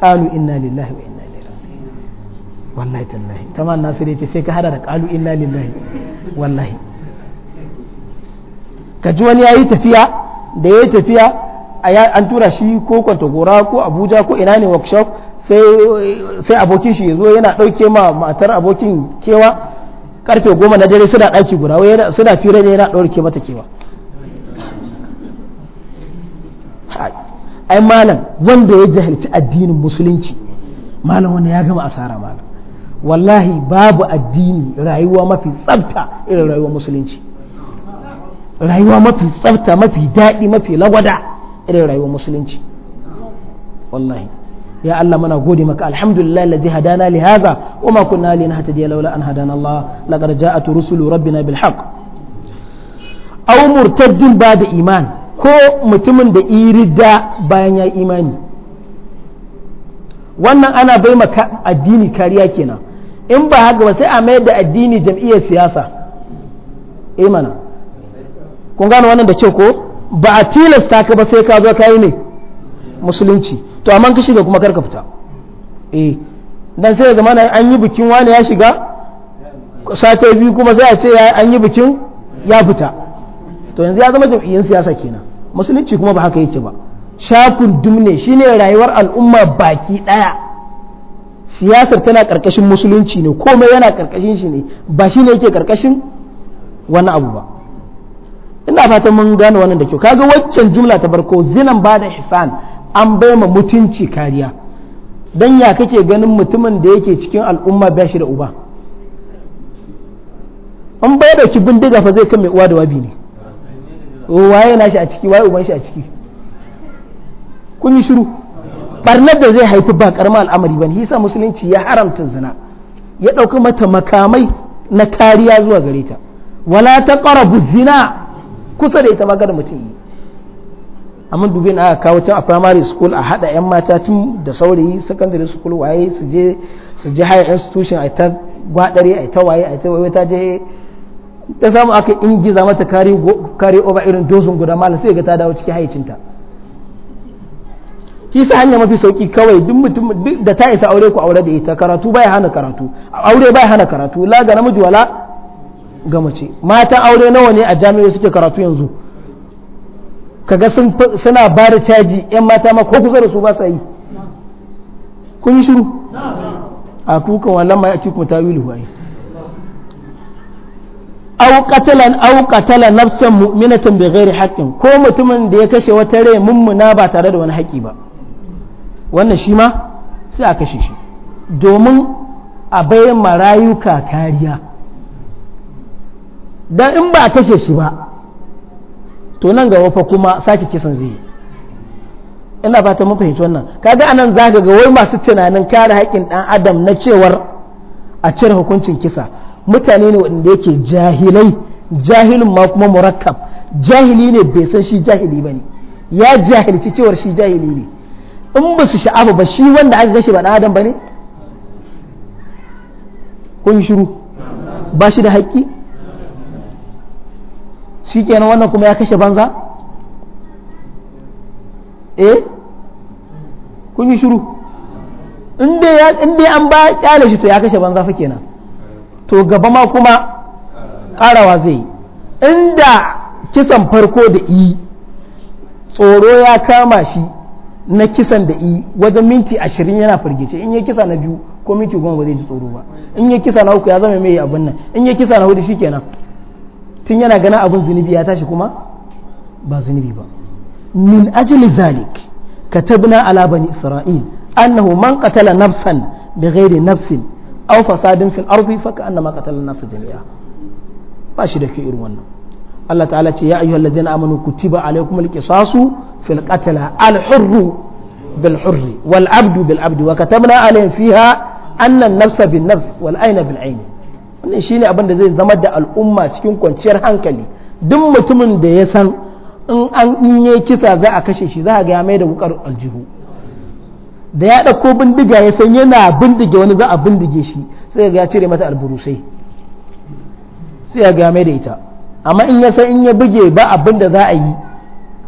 qalu inna lillahi wa inna ilaihi raji'un wallahi tallahi tamam nasir yace sai ka hada da qalu inna lillahi wallahi ka ji wani yayi tafiya da yayi tafiya an tura shi ko kwanta gora ko abuja ko ina ne workshop sai abokin shi zo yana ɗauke ma matar abokin kewa karfe goma na dare suna ɗaki guda wai suna fira ne yana ɗauke mata kewa ai malam wanda ya jahilci addinin musulunci malam wanda ya gama asara malam wallahi babu addini rayuwa mafi tsafta irin rayuwa musulunci rayuwa mafi tsafta mafi daɗi mafi lagwada irin rayuwa musulunci wallahi ya Allah muna gode maka alhamdulillah alladhi hadana li hadha wama kunna linahtadiya laula an hadana Allah laqad ja'at rusulu rabbina bil haqq aw murtaddin ba da iman ko mutumin da irida bayan ya imani wannan ana bai maka addini kariya kenan in ba haka ba sai a mayar da addini jam'iyyar siyasa eh mana kun gane wannan da ce ko ba a tilasta ka ba sai ka zo ka ne musulunci to amma ka shiga kuma karka fita eh dan sai zama an yi bikin wani ya shiga sata biyu kuma sai a ce an yi bikin ya fita to yanzu ya zama jam'iyyar siyasa kenan musulunci kuma ba haka yake ba shakun dumne shine rayuwar al'umma baki daya siyasar tana karkashin musulunci ne komai yana karkashin shi ne ba shine yake karkashin wani abu ba ina fatan mun gane wannan da kyau kaga waccan jumla ta farko zinan bada da hisan an bai ma mutunci kariya don ya kake ganin mutumin da yake cikin al'umma ba shi da uba an bai da bindiga fa zai kame uwa da wabi ne oh, waye na shi a ciki waye uban shi a ciki kun yi shiru barnar da zai haifi ba karama al'amari ba hisa musulunci ya haramta zina ya ɗauki mata makamai na kariya zuwa gare ta wala ta zina kusa da ita magana mutum amma dubin aka kawo tun a primary school a hada yan mata tun da saurayi secondary school waye su je su je higher institution a ta gwadare a ta waye a ta waye ta je ta samu aka giza mata kare kare over irin dozin guda malam sai ga ta dawo cikin ki sa hanya mafi sauki kawai duk mutum da ta isa aure ku aure da ita karatu bai hana karatu aure bai hana karatu la ga namiji wala ga mace matan aure nawa ne a jami'o suke karatu yanzu kaga sun suna ba da caji yan mata ma ko kusa da su ba sa yi kun yi shiru a kukan wannan ma ya ci kuma tawilu wai aw qatalan aw qatala nafsan mu'minatan ghairi haqqin ko mutumin da ya kashe wata rai mummuna ba tare da wani haƙi ba wannan shi ma sai a kashe shi domin a bayan marayuka kariya dan in ba a kashe shi ba to nan gaba fa kuma sake kisan zai ina fata mun fahimci wannan kaga anan zaka ga wai masu tunanin kare haƙƙin ɗan adam na cewar a cire hukuncin kisa mutane ne waɗanda yake jahilai jahilin ma kuma murakkab jahili ne bai san shi jahili ba ne ya jahilci cewar shi jahili ne in ba su sha'afa ba shi wanda aka gashi ba dan adam ba ne kun shiru ba shi da haƙƙi shi kenan wannan kuma ya kashe banza eh kun yi shiru inda an ba kyale shi to ya kashe banza fa kenan to gaba ma kuma karawa zai inda kisan farko da i tsoro ya kama shi na kisan da i wajen minti ashirin yana firgice in yi kisa na biyu ko minti goma ba zai ji tsoro ba in yi kisa na uku ya zama mai abin nan in yi kisa na hudu shi kenan. tun yana ganin abin zunubi ya tashi kuma ba zunubi ba min ajli zalik katabna ala bani isra'il annahu man qatala nafsan bighairi nafsin aw fasadin fil ardi fa annama qatala an-nas jami'a ba shi da ke irin wannan Allah ta'ala ce ya ayyuhal ladzina amanu kutiba alaykum al-qisasu fil qatala al-hurru bil hurri wal abdu bil abdi wa katabna alayhim fiha anna an-nafsa bin nafs wal ayna bil wannan shi abin da zai zama da al'umma cikin kwanciyar hankali duk mutumin da ya san in an in yi kisa za a kashe shi za ga ya mai da wukar aljihu da ya ɗauko bindiga ya san yana bindige wani za a bindige shi sai ga ya cire mata alburusai sai ya ga mai da ita amma in ya san in ya buge ba abin da za a yi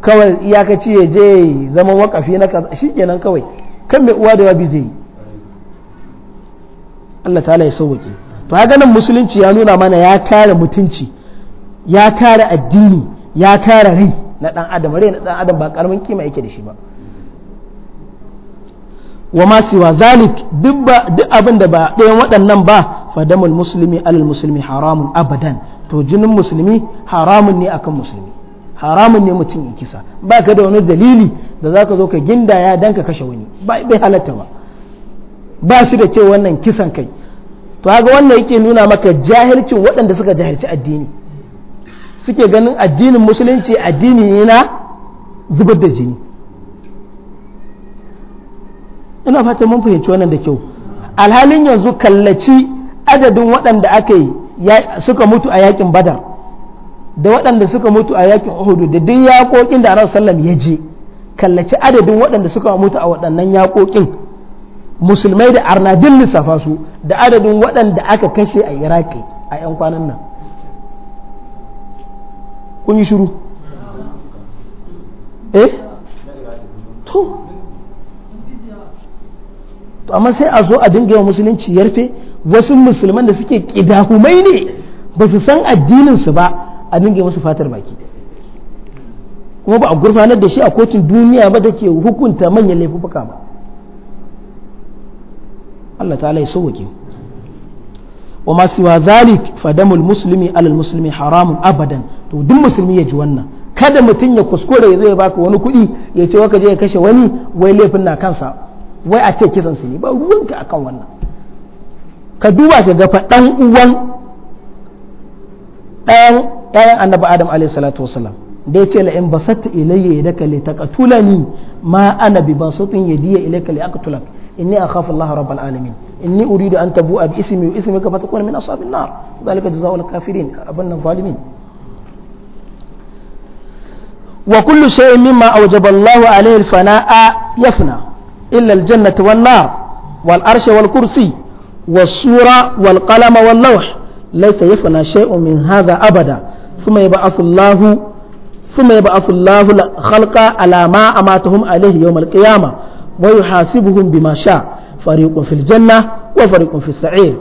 kawai iyakaci ya je zama wakafi na kaza shikenan kawai kan mai uwa da wabi zai yi Allah ta'ala ya sauke to haka musulunci ya nuna mana ya kare mutunci ya kare addini ya kare rai na dan adam rai na dan adam ba karamin kima yake da shi ba wa ma siwa zalik duk abin da ba ɗayan waɗannan ba damul musulmi alal musulmi haramun abadan to jinin musulmi haramun ne akan musulmi haramun ne mutum ya kisa ba ka da wani dalili da za ka zo ka ginda ya ka kashe wani bai halatta ba ba shi da kyau wannan kisan kai to haka wannan yake nuna maka jahilcin waɗanda suka jahilci addini suke ganin addinin musulunci addini ne na zubar da jini ina fata mun fahimci wannan da kyau alhalin yanzu kallaci adadin waɗanda aka yi suka mutu a yakin badar da waɗanda suka mutu a yakin uhudu da duk yaƙoƙin da annabi sallam ya je kallaci adadin waɗanda suka mutu a waɗannan yaƙoƙin musulmai da arna bin lissafa su da adadin waɗanda aka kashe a iraki a 'yan kwanan nan kun yi shiru eh to to amma sai a zo a dinga yawan musulunci yarfe wasu musulman da suke ƙidahumai ne ba su san addininsu ba a dinga musu fatar baki kuma ba a gurfanar da shi a kotun duniya ba da ke hukunta manyan laifuka ba Allah ta ya sauwake wa masu siwa zalik fadamul muslimi alal musulmi haramun abadan to duk musulmi ya ji wannan kada mutum ya kuskure ya zai baka wani kuɗi ya ce waka je ya kashe wani wai laifin na kansa wai a ce kisan su ne ba ruwanka akan wannan ka duba ka ga faɗan uwan ɗayan ɗayan annabi adam alaihi salatu wasalam da ya ce la in basatta ilayya yadaka li taqtulani ma ana bi basatin yadiya ilayka li aqtulak إني أخاف الله رب العالمين إني أريد أن تبوء باسمي واسمك فتكون من أصحاب النار ذلك جزاء الكافرين أبنى الظالمين وكل شيء مما أوجب الله عليه الفناء يفنى إلا الجنة والنار والأرش والكرسي والصورة والقلم واللوح ليس يفنى شيء من هذا أبدا ثم يبعث الله ثم يبعث الله الخلق على ما أماتهم عليه يوم القيامة ويحاسبهم بما شاء فريق في الجنة وفريق في السعير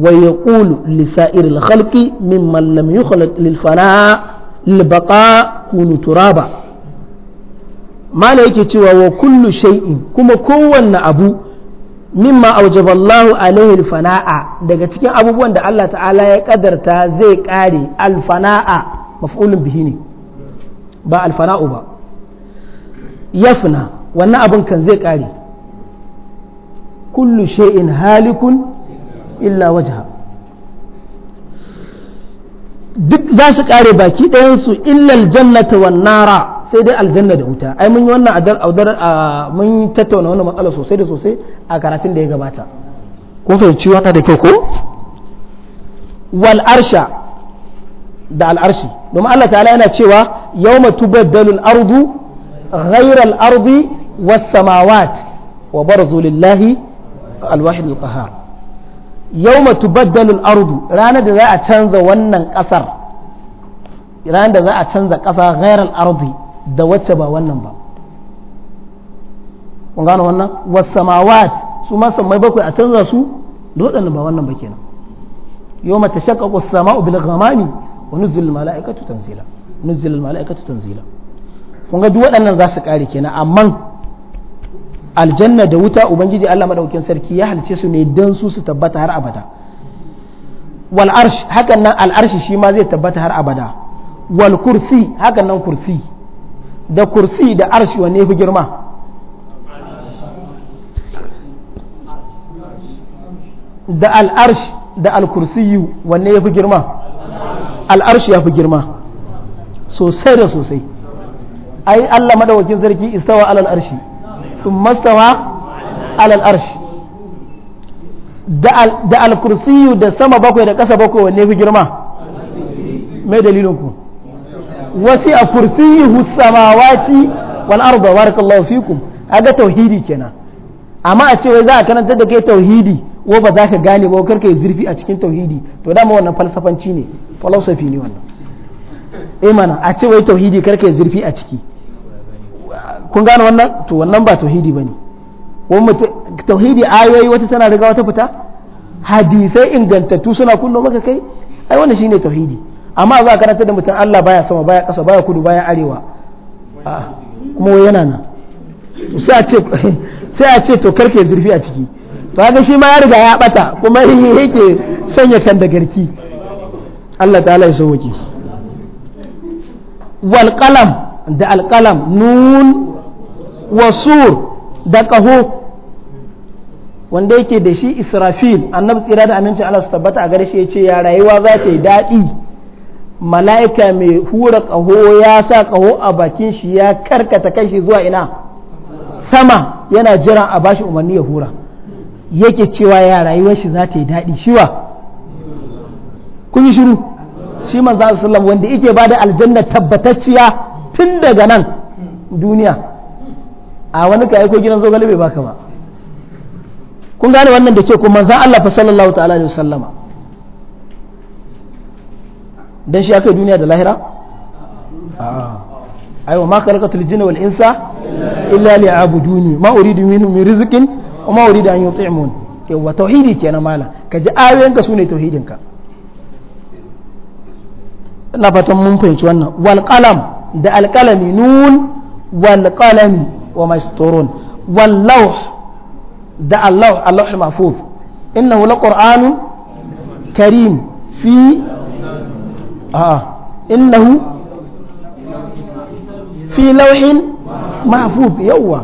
ويقول لسائر الخلق ممن لم يخلق للفناء للبقاء كونوا ترابا ما لك توا وكل شيء كما كون أبو مما أوجب الله عليه الفناء daga cikin abubuwan da Allah ta'ala ya kadarta zai kare alfana'a maf'ulun bihi ne ba alfana'u ba yafna wannan abin kan zai ƙare kullu shay'in halikun illa wajha duk za su ƙare baki ɗayansu illal jannata wan nara sai dai aljanna da wuta ai mun yi wannan a mun tattauna wannan matsala sosai da sosai a karafin da ya gabata ko fahimci wannan da kyau ko wal arsha da al arshi domin Allah ta'ala yana cewa yawma tubaddalu al ardu ghayra al ardi والسماوات وبرزوا لله الواحد القهار يوم تبدل الأرض رانا دا أتنزى ونن قصر رانا دا أتنزى قصر غير الأرض دا وتبا ونن با ونغانا ونن والسماوات سما سمي بكو أتنزى سو دو دن با ونن بكينا يوم تشقق السماء بالغمام ونزل الملائكة تنزيلا نزل الملائكة تنزيلا kun ga duk waɗannan za su ƙare kenan amma aljanna da wuta ubangiji Allah madaukakin sarki ya halice su ne don su su tabbata har abada wal arsh hakan nan al arshi shi ma zai tabbata har abada wal kursi hakan nan kursi da kursi da arshi wanne fi girma da al arsh da al kursiyu wanne ya fi girma al arshi ya fi girma sosai da sosai ai Allah madaukakin sarki istawa alal arshi ثم استوى على الأرش da alkursiyu da sama bakwai da ƙasa bakwai wanne fi girma mai dalilinku wasi a kursiyu samawati wal arda barakallahu fikum aga tauhidi kenan amma a ce wai za a karanta da kai tauhidi ko ba za ka gane ba karka yi zurfi a cikin tauhidi to dama wannan falsafanci ne philosophy ne wannan eh mana a ce wai tauhidi kar yi zurfi a ciki kun gane wannan to wannan ba tauhidi bane wani tauhidi ayoyi wata tana riga wata fita hadisai ingantattu suna kunno maka kai ai wannan shine tauhidi amma za a karanta da mutum Allah baya sama baya ƙasa baya kudu baya arewa kuma wai yana nan sai a ce sai a ce to karke zurfi a ciki to haka shi ma ya riga ya bata kuma yake sanya kan da garki Allah ta'ala ya sauke wal qalam da al qalam nun wasur da ƙaho wanda yake da shi israfil annabi tsira da amincin Allah su tabbata a garshe ce ya rayuwa za ta yi daɗi mala'ika mai hura ƙaho ya sa ƙaho a bakin shi ya karkata kai shi zuwa ina sama yana jira a bashi umarni ya hura yake cewa ya rayuwar shi za ta yi daɗi shiwa kun yi shiru shi manzo sallallahu wanda yake bada aljanna tabbatacciya tun daga nan duniya a wani ka aiko gidan zogale bai baka ba kun gane wannan da ke kuma manzan Allah fa sallallahu ta'ala alaihi wasallama dan shi aka duniya da lahira aiwa ma khalaqatul jinna wal insa illa liya'buduni ma uridu minhum min rizqin wa ma uridu an yut'imun yawa tauhidi kenan mala ka ji ayoyinka sune tauhidinka ina fatan mun fahimci wannan wal qalam da alqalami nun wal qalami وما يسطرون واللوح دع اللوح اللوح المحفوظ إنه لقرآن كريم في آه إنه في لوح محفوظ يوا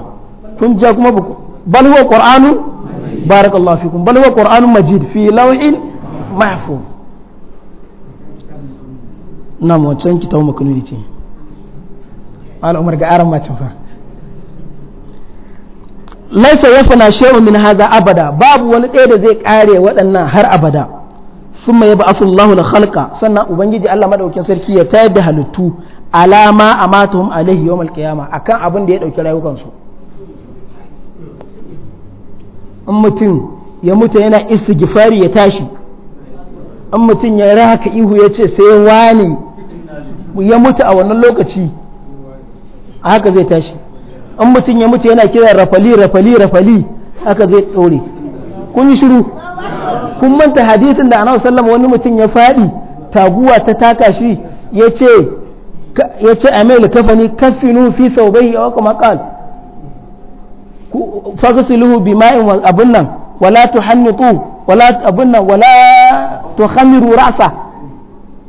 كن جاكم أبوكم بل هو قرآن بارك الله فيكم بل هو قرآن مجيد في لوح محفوظ نعم وانتشان كتاب مكنوني تين قال عمر قال ما تنفع laisa ya fana shehu min haza abada babu wani ɗaya da zai ƙare waɗannan har abada sun ya ba Allahu na halka sannan ubangiji Allah madaukin sarki ya tayar da halittu alama a matuhum alaihi yawmal a akan abin da ya ɗauki rayukansu in mutum ya mutu yana istighfari ya tashi in mutum ya raka ihu ya ce sai wani ya mutu a wannan lokaci a haka zai tashi an mutum ya mutu yana kiran rafali rafali rafali haka zai ɗore kun yi shiru kun manta hadisin da anahu sallama wani mutum ya faɗi taguwa ta taka shi ya ce a mai likafani kafinu fi sau bai yawa kuma kal luhu bi ma'in abin nan wala ku wala abin nan wala tuhamiru rasa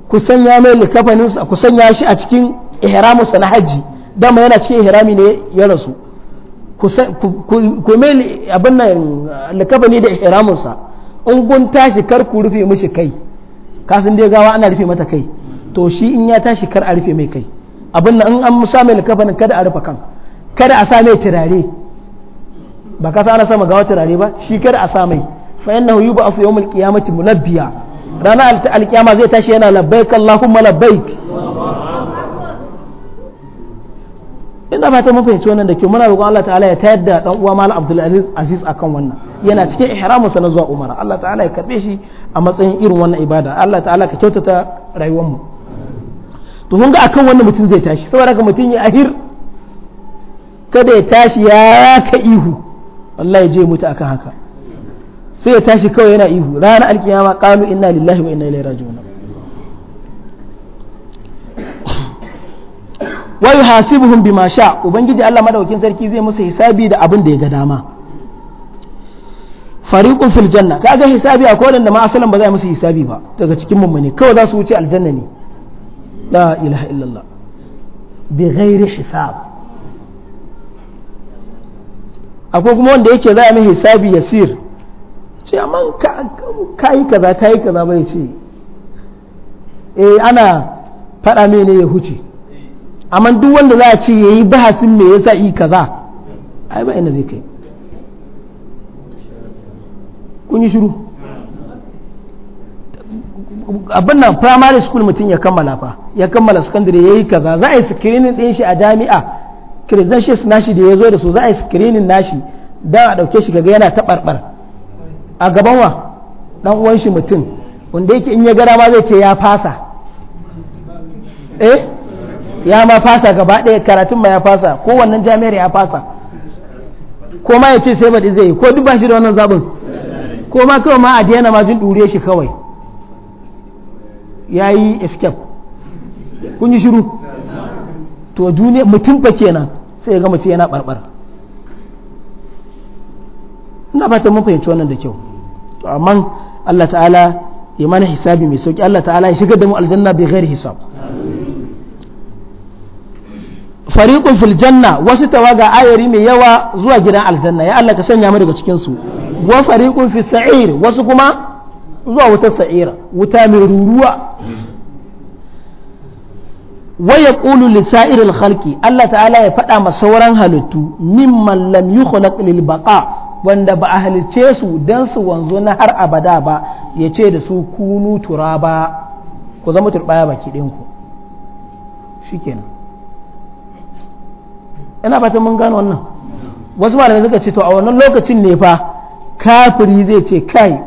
ku sanya mai likafanin ku sanya shi a cikin ihramusa na hajji dama yana cikin ihrami ne ya rasu ku mai abin nan likaba ne da ihraminsa in gun tashi kar ku rufe mishi kai kasan dai gawa ana rufe mata kai to shi in ya tashi kar a rufe mai kai abin nan in an sa mai likafanin kada a rufe kan kada a sa mai turare ba ka ana sama gawa turare ba shi kada a sa mai fa innahu a yawm al-qiyamati mulabbiya ranar alkiyama zai tashi yana labbaik allahumma labbaik ina fata mun fahimci wannan da ke muna roƙon Allah ta'ala ya tayar da dan uwa Malam Abdul Aziz Aziz akan wannan yana cikin ihramu sa na zuwa Umara Allah ta'ala ya karbe shi a matsayin irin wannan ibada Allah ta'ala ka kyautata rayuwar mu to mun ga akan wannan mutum zai tashi saboda ka mutum ya ahir kada ya tashi ya ka ihu wallahi je mutu akan haka sai ya tashi kawai yana ihu ranar alkiyama qalu inna lillahi wa inna ilaihi raji'un wa yuhasibuhum bima sha ubangiji Allah madaukin sarki zai musu hisabi da abin da ya ga dama fariqun fil janna kaga hisabi a akwai da ma asalan ba za musu hisabi ba daga cikin mummuni kawai za su wuce aljanna ne la ilaha illallah bi ghairi hisab akwai kuma wanda yake za a mai hisabi yasir ce amma kai kaza kai kaza bai ce eh ana faɗa mene ya huce amma duk wanda za a ce ya yi bahasin me yasa yi kaza ai ba ina zai kai kun yi shiru abin nan primary school mutum ya kammala fa ya kammala secondary ya yi kaza za a yi screening ɗin shi a jami'a credentials nashi da ya zo da su za a yi screening nashi da a ɗauke shi kaga yana taɓarɓar a gaban wa ɗan uwan shi mutum wanda yake in ya gara ma zai ce ya fasa eh ya ma fasa gaba ɗaya karatun ma ya fasa ko wannan jami'ar ya fasa ko ma ya ce sai baɗi zai yi ko duk ba shi da wannan zaɓin ko ma kawai ma a daina ma jin ɗure shi kawai ya yi escape kun yi shiru to duniya mutum ba kenan sai ya gama ce yana barbar ina fata mun fahimci wannan da kyau to amma Allah ta'ala ya mana hisabi mai sauki Allah ta'ala ya shigar da mu aljanna bi ghairi hisab fariqun fil janna wasu tawaga ayari mai yawa zuwa gidan aljanna ya Allah ka sanya mu daga cikin su wa fariqun fi sa'ir wasu kuma zuwa wuta sair wuta mai ruruwa wa yaqulu li sa'iril khalqi Allah ta'ala ya faɗa ma sauran halittu mimman lam yukhlaq lil baqa wanda ba a halicce su dan su wanzo na har abada ba yace da su kunu turaba ku zama turbaya baki ɗinku shikenan ina fatan mun gano wannan wasu malamai suka ce to a wannan lokacin ne fa kafiri zai ce kai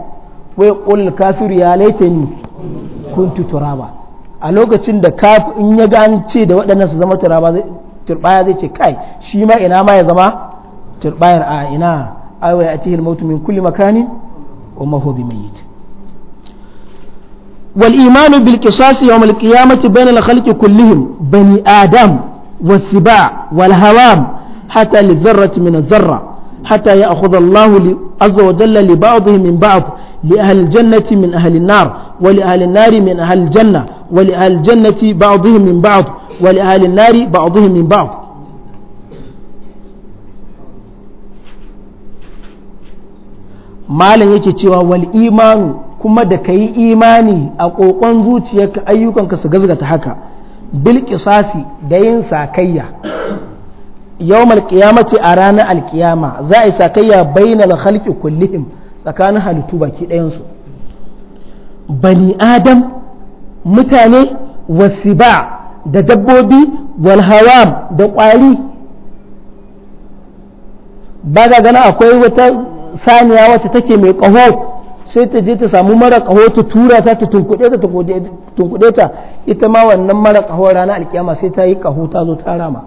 wai ul kafir ya laitani kuntu turaba a lokacin da in ya ga an ce da waɗannan su zama turaba turbaya zai ce kai shi ma ina ma ya zama turbayar a ina aiwa ya atihil mautu min kulli makanin wa ma bi bimayyit wal imanu bil qisas yawm al qiyamati bayna al khalqi kullihim bani adam والسباع والهوام حتى للذرة من الذرة حتى يأخذ الله عز وجل لبعضهم من بعض لأهل الجنة من أهل النار ولأهل النار من أهل الجنة ولأهل الجنة بعضهم من بعض ولأهل النار بعضهم من بعض malam yake cewa wal imanu kuma da ka yi imani a ƙoƙon zuciyarka ayyukanka su gazgata haka bilkisasi da yin sakayya yawmal qiyamati a ranar alkiyama za a yi sakayya bainal halki kullihim tsakanin halittu baki ɗayan su bani adam mutane wasiba da dabbobi wal hawam da ƙwari ba ga gana akwai wata saniya wacce take mai ƙaho sai ta je ta samu mara kaho ta tura ta ta tunkuɗe ta tunkuɗe ta ita ma wannan mara kaho rana alkiyama sai ta yi kaho ta zo ta rama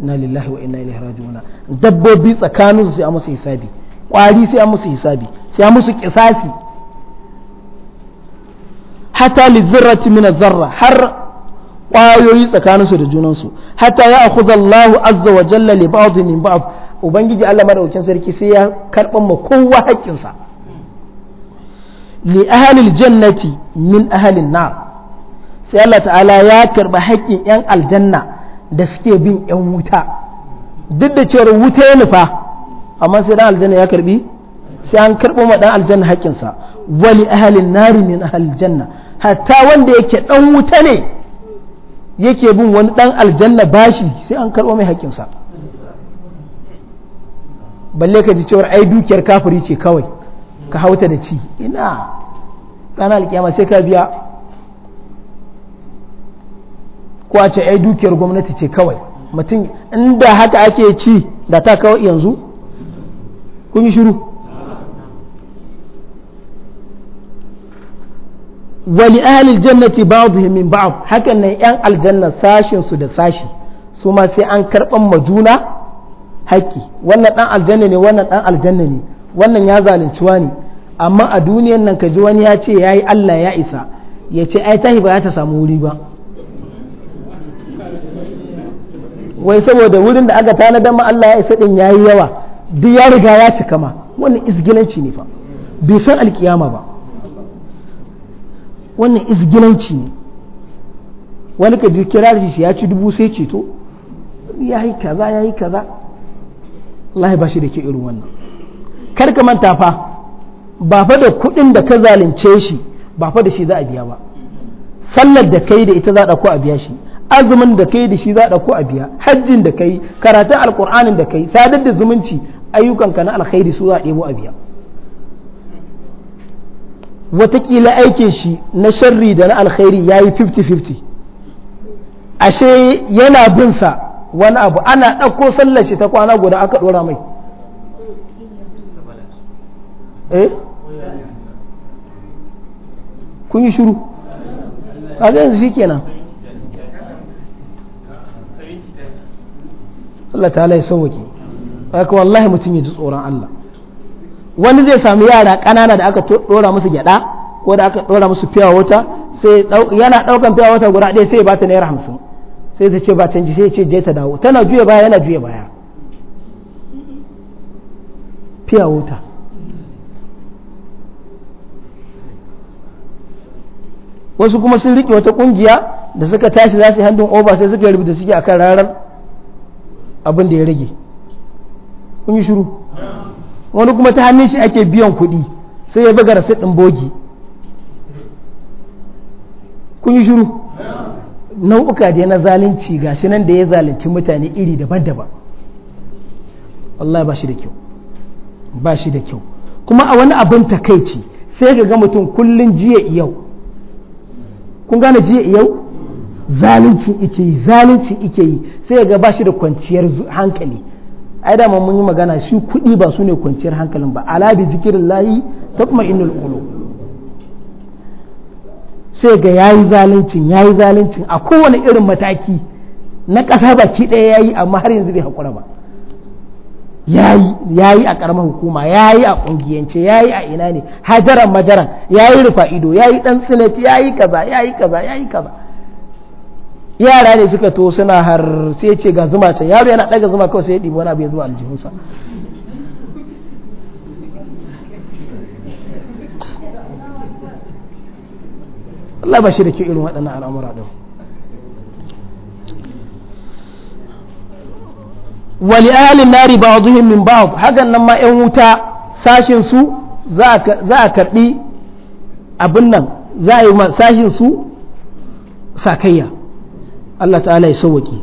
na lillahi wa inna ilaihi raji'un dabbobi tsakanin su sai an musu hisabi kwari sai an musu hisabi sai an musu kisasi hatta li zirrati min zarra har kwayoyi tsakanin su da junan su hatta ya akhudha Allahu azza wa jalla li ba'd min ba'd ubangiji Allah madaukakin sarki sai ya karban ma kowa haƙƙinsa li ahlil jannati min ahalin na sai Allah ta'ala ya karba haƙƙin yan aljanna da suke bin yan wuta duk da cewar wuta ya nufa amma sai dan aljanna ya karbi sai an karbo ma dan aljanna haƙƙinsa wali ahlin nar min ahlil janna hatta wanda yake dan wuta ne yake bin wani dan aljanna bashi sai an karbo mai haƙƙinsa balle ka ji cewar ai dukiyar kafiri ce kawai ka hauta da ci ina ranar alkiyama sai ka biya ko a ce ai dukiyar gwamnati ce kawai mutum inda haka ake ci da ta kawai yanzu kun yi shiru wali ahalil jannati ba'dhum min ba'ad hakan nan yan aljanna sashin su da sashi su ma sai an karban majuna haƙƙi wannan ɗan aljanna ne wannan ɗan aljanna ne wannan ya zalunci wani amma a duniyan nan ka ji wani ya ce ya yi Allah ya isa ya ce ai tahi ba ya ta samu wuri ba wai saboda wurin da aka tanadar ma Allah ya isa din ya yawa duk ya riga ya cika ma wannan izgilanci ne fa bai san alkiyama ba wannan izgilanci ne wani ka ji kirar shi ya ci dubu sai ceto ya yi kaza ya yi kaza wallahi ba shi da ke irin wannan kar ka manta fa ba fa da kuɗin da ka zalunce shi ba fa da shi za a biya ba sallar da kai da ita za a a biya shi azumin da kai da shi za a a biya hajjin da kai karatun alkur'anin da kai sadar da zumunci ayyukanka na alkhairi su za a ɗebo a biya watakila aikin shi na sharri da na alkhairi ya yi 50-50 ashe yana bin sa wani abu ana ɗauko sallar shi ta kwana guda aka ɗora mai eh kun yi shuru kaga yanzu shi kenan Allah ta ya sauwake haka wallahi mutum ya ji tsoron Allah wani zai sami yara ƙanana da aka ɗora musu gyaɗa ko da aka ɗora musu fiya wata sai yana ɗaukan fiya wata guda ɗaya sai ya ta naira hamsin sai ta ce ba canji sai ce je ta dawo tana juya baya yana juya baya fiya wuta wasu kuma sun riƙe wata ƙungiya da suka tashi za su yi hannun oba sai suka rubuta suke akan ranar abin da ya rage kun yi shuru wani kuma ta hannun shi ake biyan kuɗi sai ya buga rasit ɗin bogi kun yi shiru nau'uka da na zalunci ga shi nan da ya zalunci mutane iri daban-daban Allah ba shi da kyau ba shi da kyau kuma a wani abin takaici sai ka ga mutum kullun jiya yau kun gane jiya yau zalunci ike yi zalunci ike yi sai ga ba shi da kwanciyar hankali ai da mun yi magana shi kuɗi ba su ne kwanciyar hankalin ba Alabi zikirin layi ta kuma qulub sai ga yayi zaluncin yayi zaluncin a kowane irin mataki na ƙasa baki ɗaya yayi amma har yanzu bai haƙura ba yayi yi a ƙaramar hukuma yayi a ƙungiyance yayi a ina ne hajaran majaran yayi rufa ido yayi ɗan ya yayi kaza yayi kaza yayi kaza yara ne suka to suna har sai ce ga zuma ce yaro yana ɗaga zuma kawai sai ya ɗibi wani abu ya zuba aljihunsa Allah ba shi da kyau irin waɗannan al'amura ɗin wali ahalin nari ba zuhin min ba hakan nan ma 'yan wuta sashin su za a karɓi abin nan za a yi sashin su sakayya Allah ta'ala ya sauwaki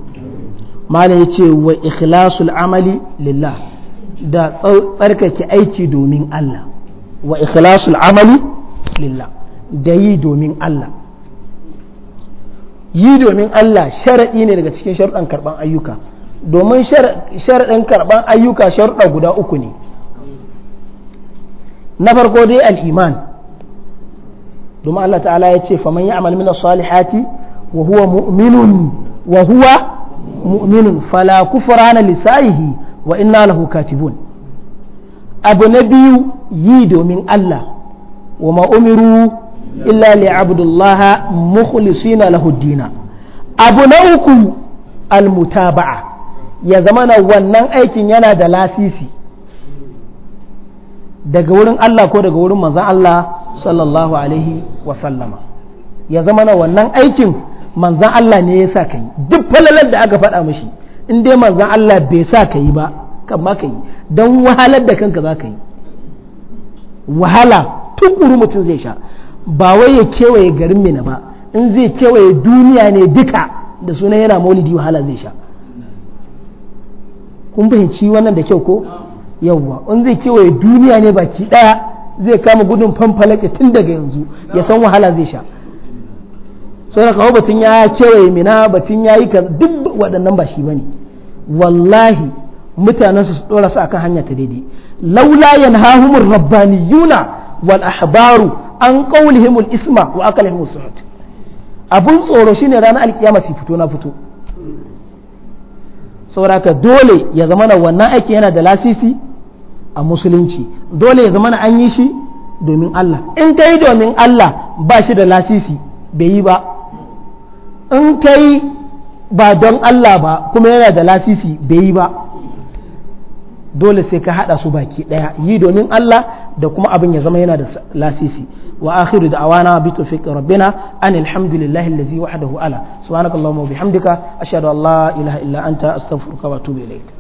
mana ya ce wa ikhlasul amali lillah da tsarkake aiki domin Allah wa ikhlasul amali lillah da yi domin Allah yi domin Allah sharaɗi ne daga cikin sharuɗan karɓan ayyuka domin sharaɗin karɓan ayyuka sharuɗa guda uku ne na farko dai al'iman domin Allah ta'ala ya ce faman yi amal mina salihati wa huwa mu'minun wa huwa mu'minun fala kufrana lisa'ihi wa inna lahu katibun abu na biyu yi domin Allah wa ma'umiru illa li abdullah mukhlisina lahu dina abu na uku almutaba'a ya zamana wannan aikin yana da lasisi daga wurin Allah ko daga wurin manzan Allah sallallahu alaihi wa sallama ya zamana wannan aikin manzon Allah ne ya sa ka yi duk falalar da aka faɗa mashi in dai manzan Allah bai sa ka yi ba kan ma ka yi don wahalar da kanka za ka yi wahala tukuru mutum zai sha ba wai ya kewaye garin mina ba in zai kewaye duniya ne duka da sunan yana maulidi wahala zai sha kun fahimci wannan da kyau ko yawwa in zai kewaye duniya ne baki daya zai kama gudun fanfalake tun daga yanzu ya san wahala zai sha sai da kawo batun ya kewaye mina batun ya yi ka duk waɗannan ba shi bane wallahi mutanen su dora su akan hanya ta daidai laula yanhahumur rabbaniyuna wal ahbaru an himul isma wa aqalihim suhut abun tsoro shine ranar alkiyama su fito na fito sauraka dole ya zama na wannan aiki yana da lasisi a musulunci dole ya zama na an yi shi domin Allah in kai domin Allah ba shi da lasisi bai yi ba in kai ba don Allah ba kuma yana da lasisi bai yi ba dole sai ka hada su baki daya yi domin Allah da kuma abin ya zama yana da lasisi wa akhiru da awana bi tawfiq rabbina anil hamdulillahi allazi wahdahu ala subhanakallahumma wa bihamdika ashhadu an la ilaha illa anta astaghfiruka wa atubu ilayk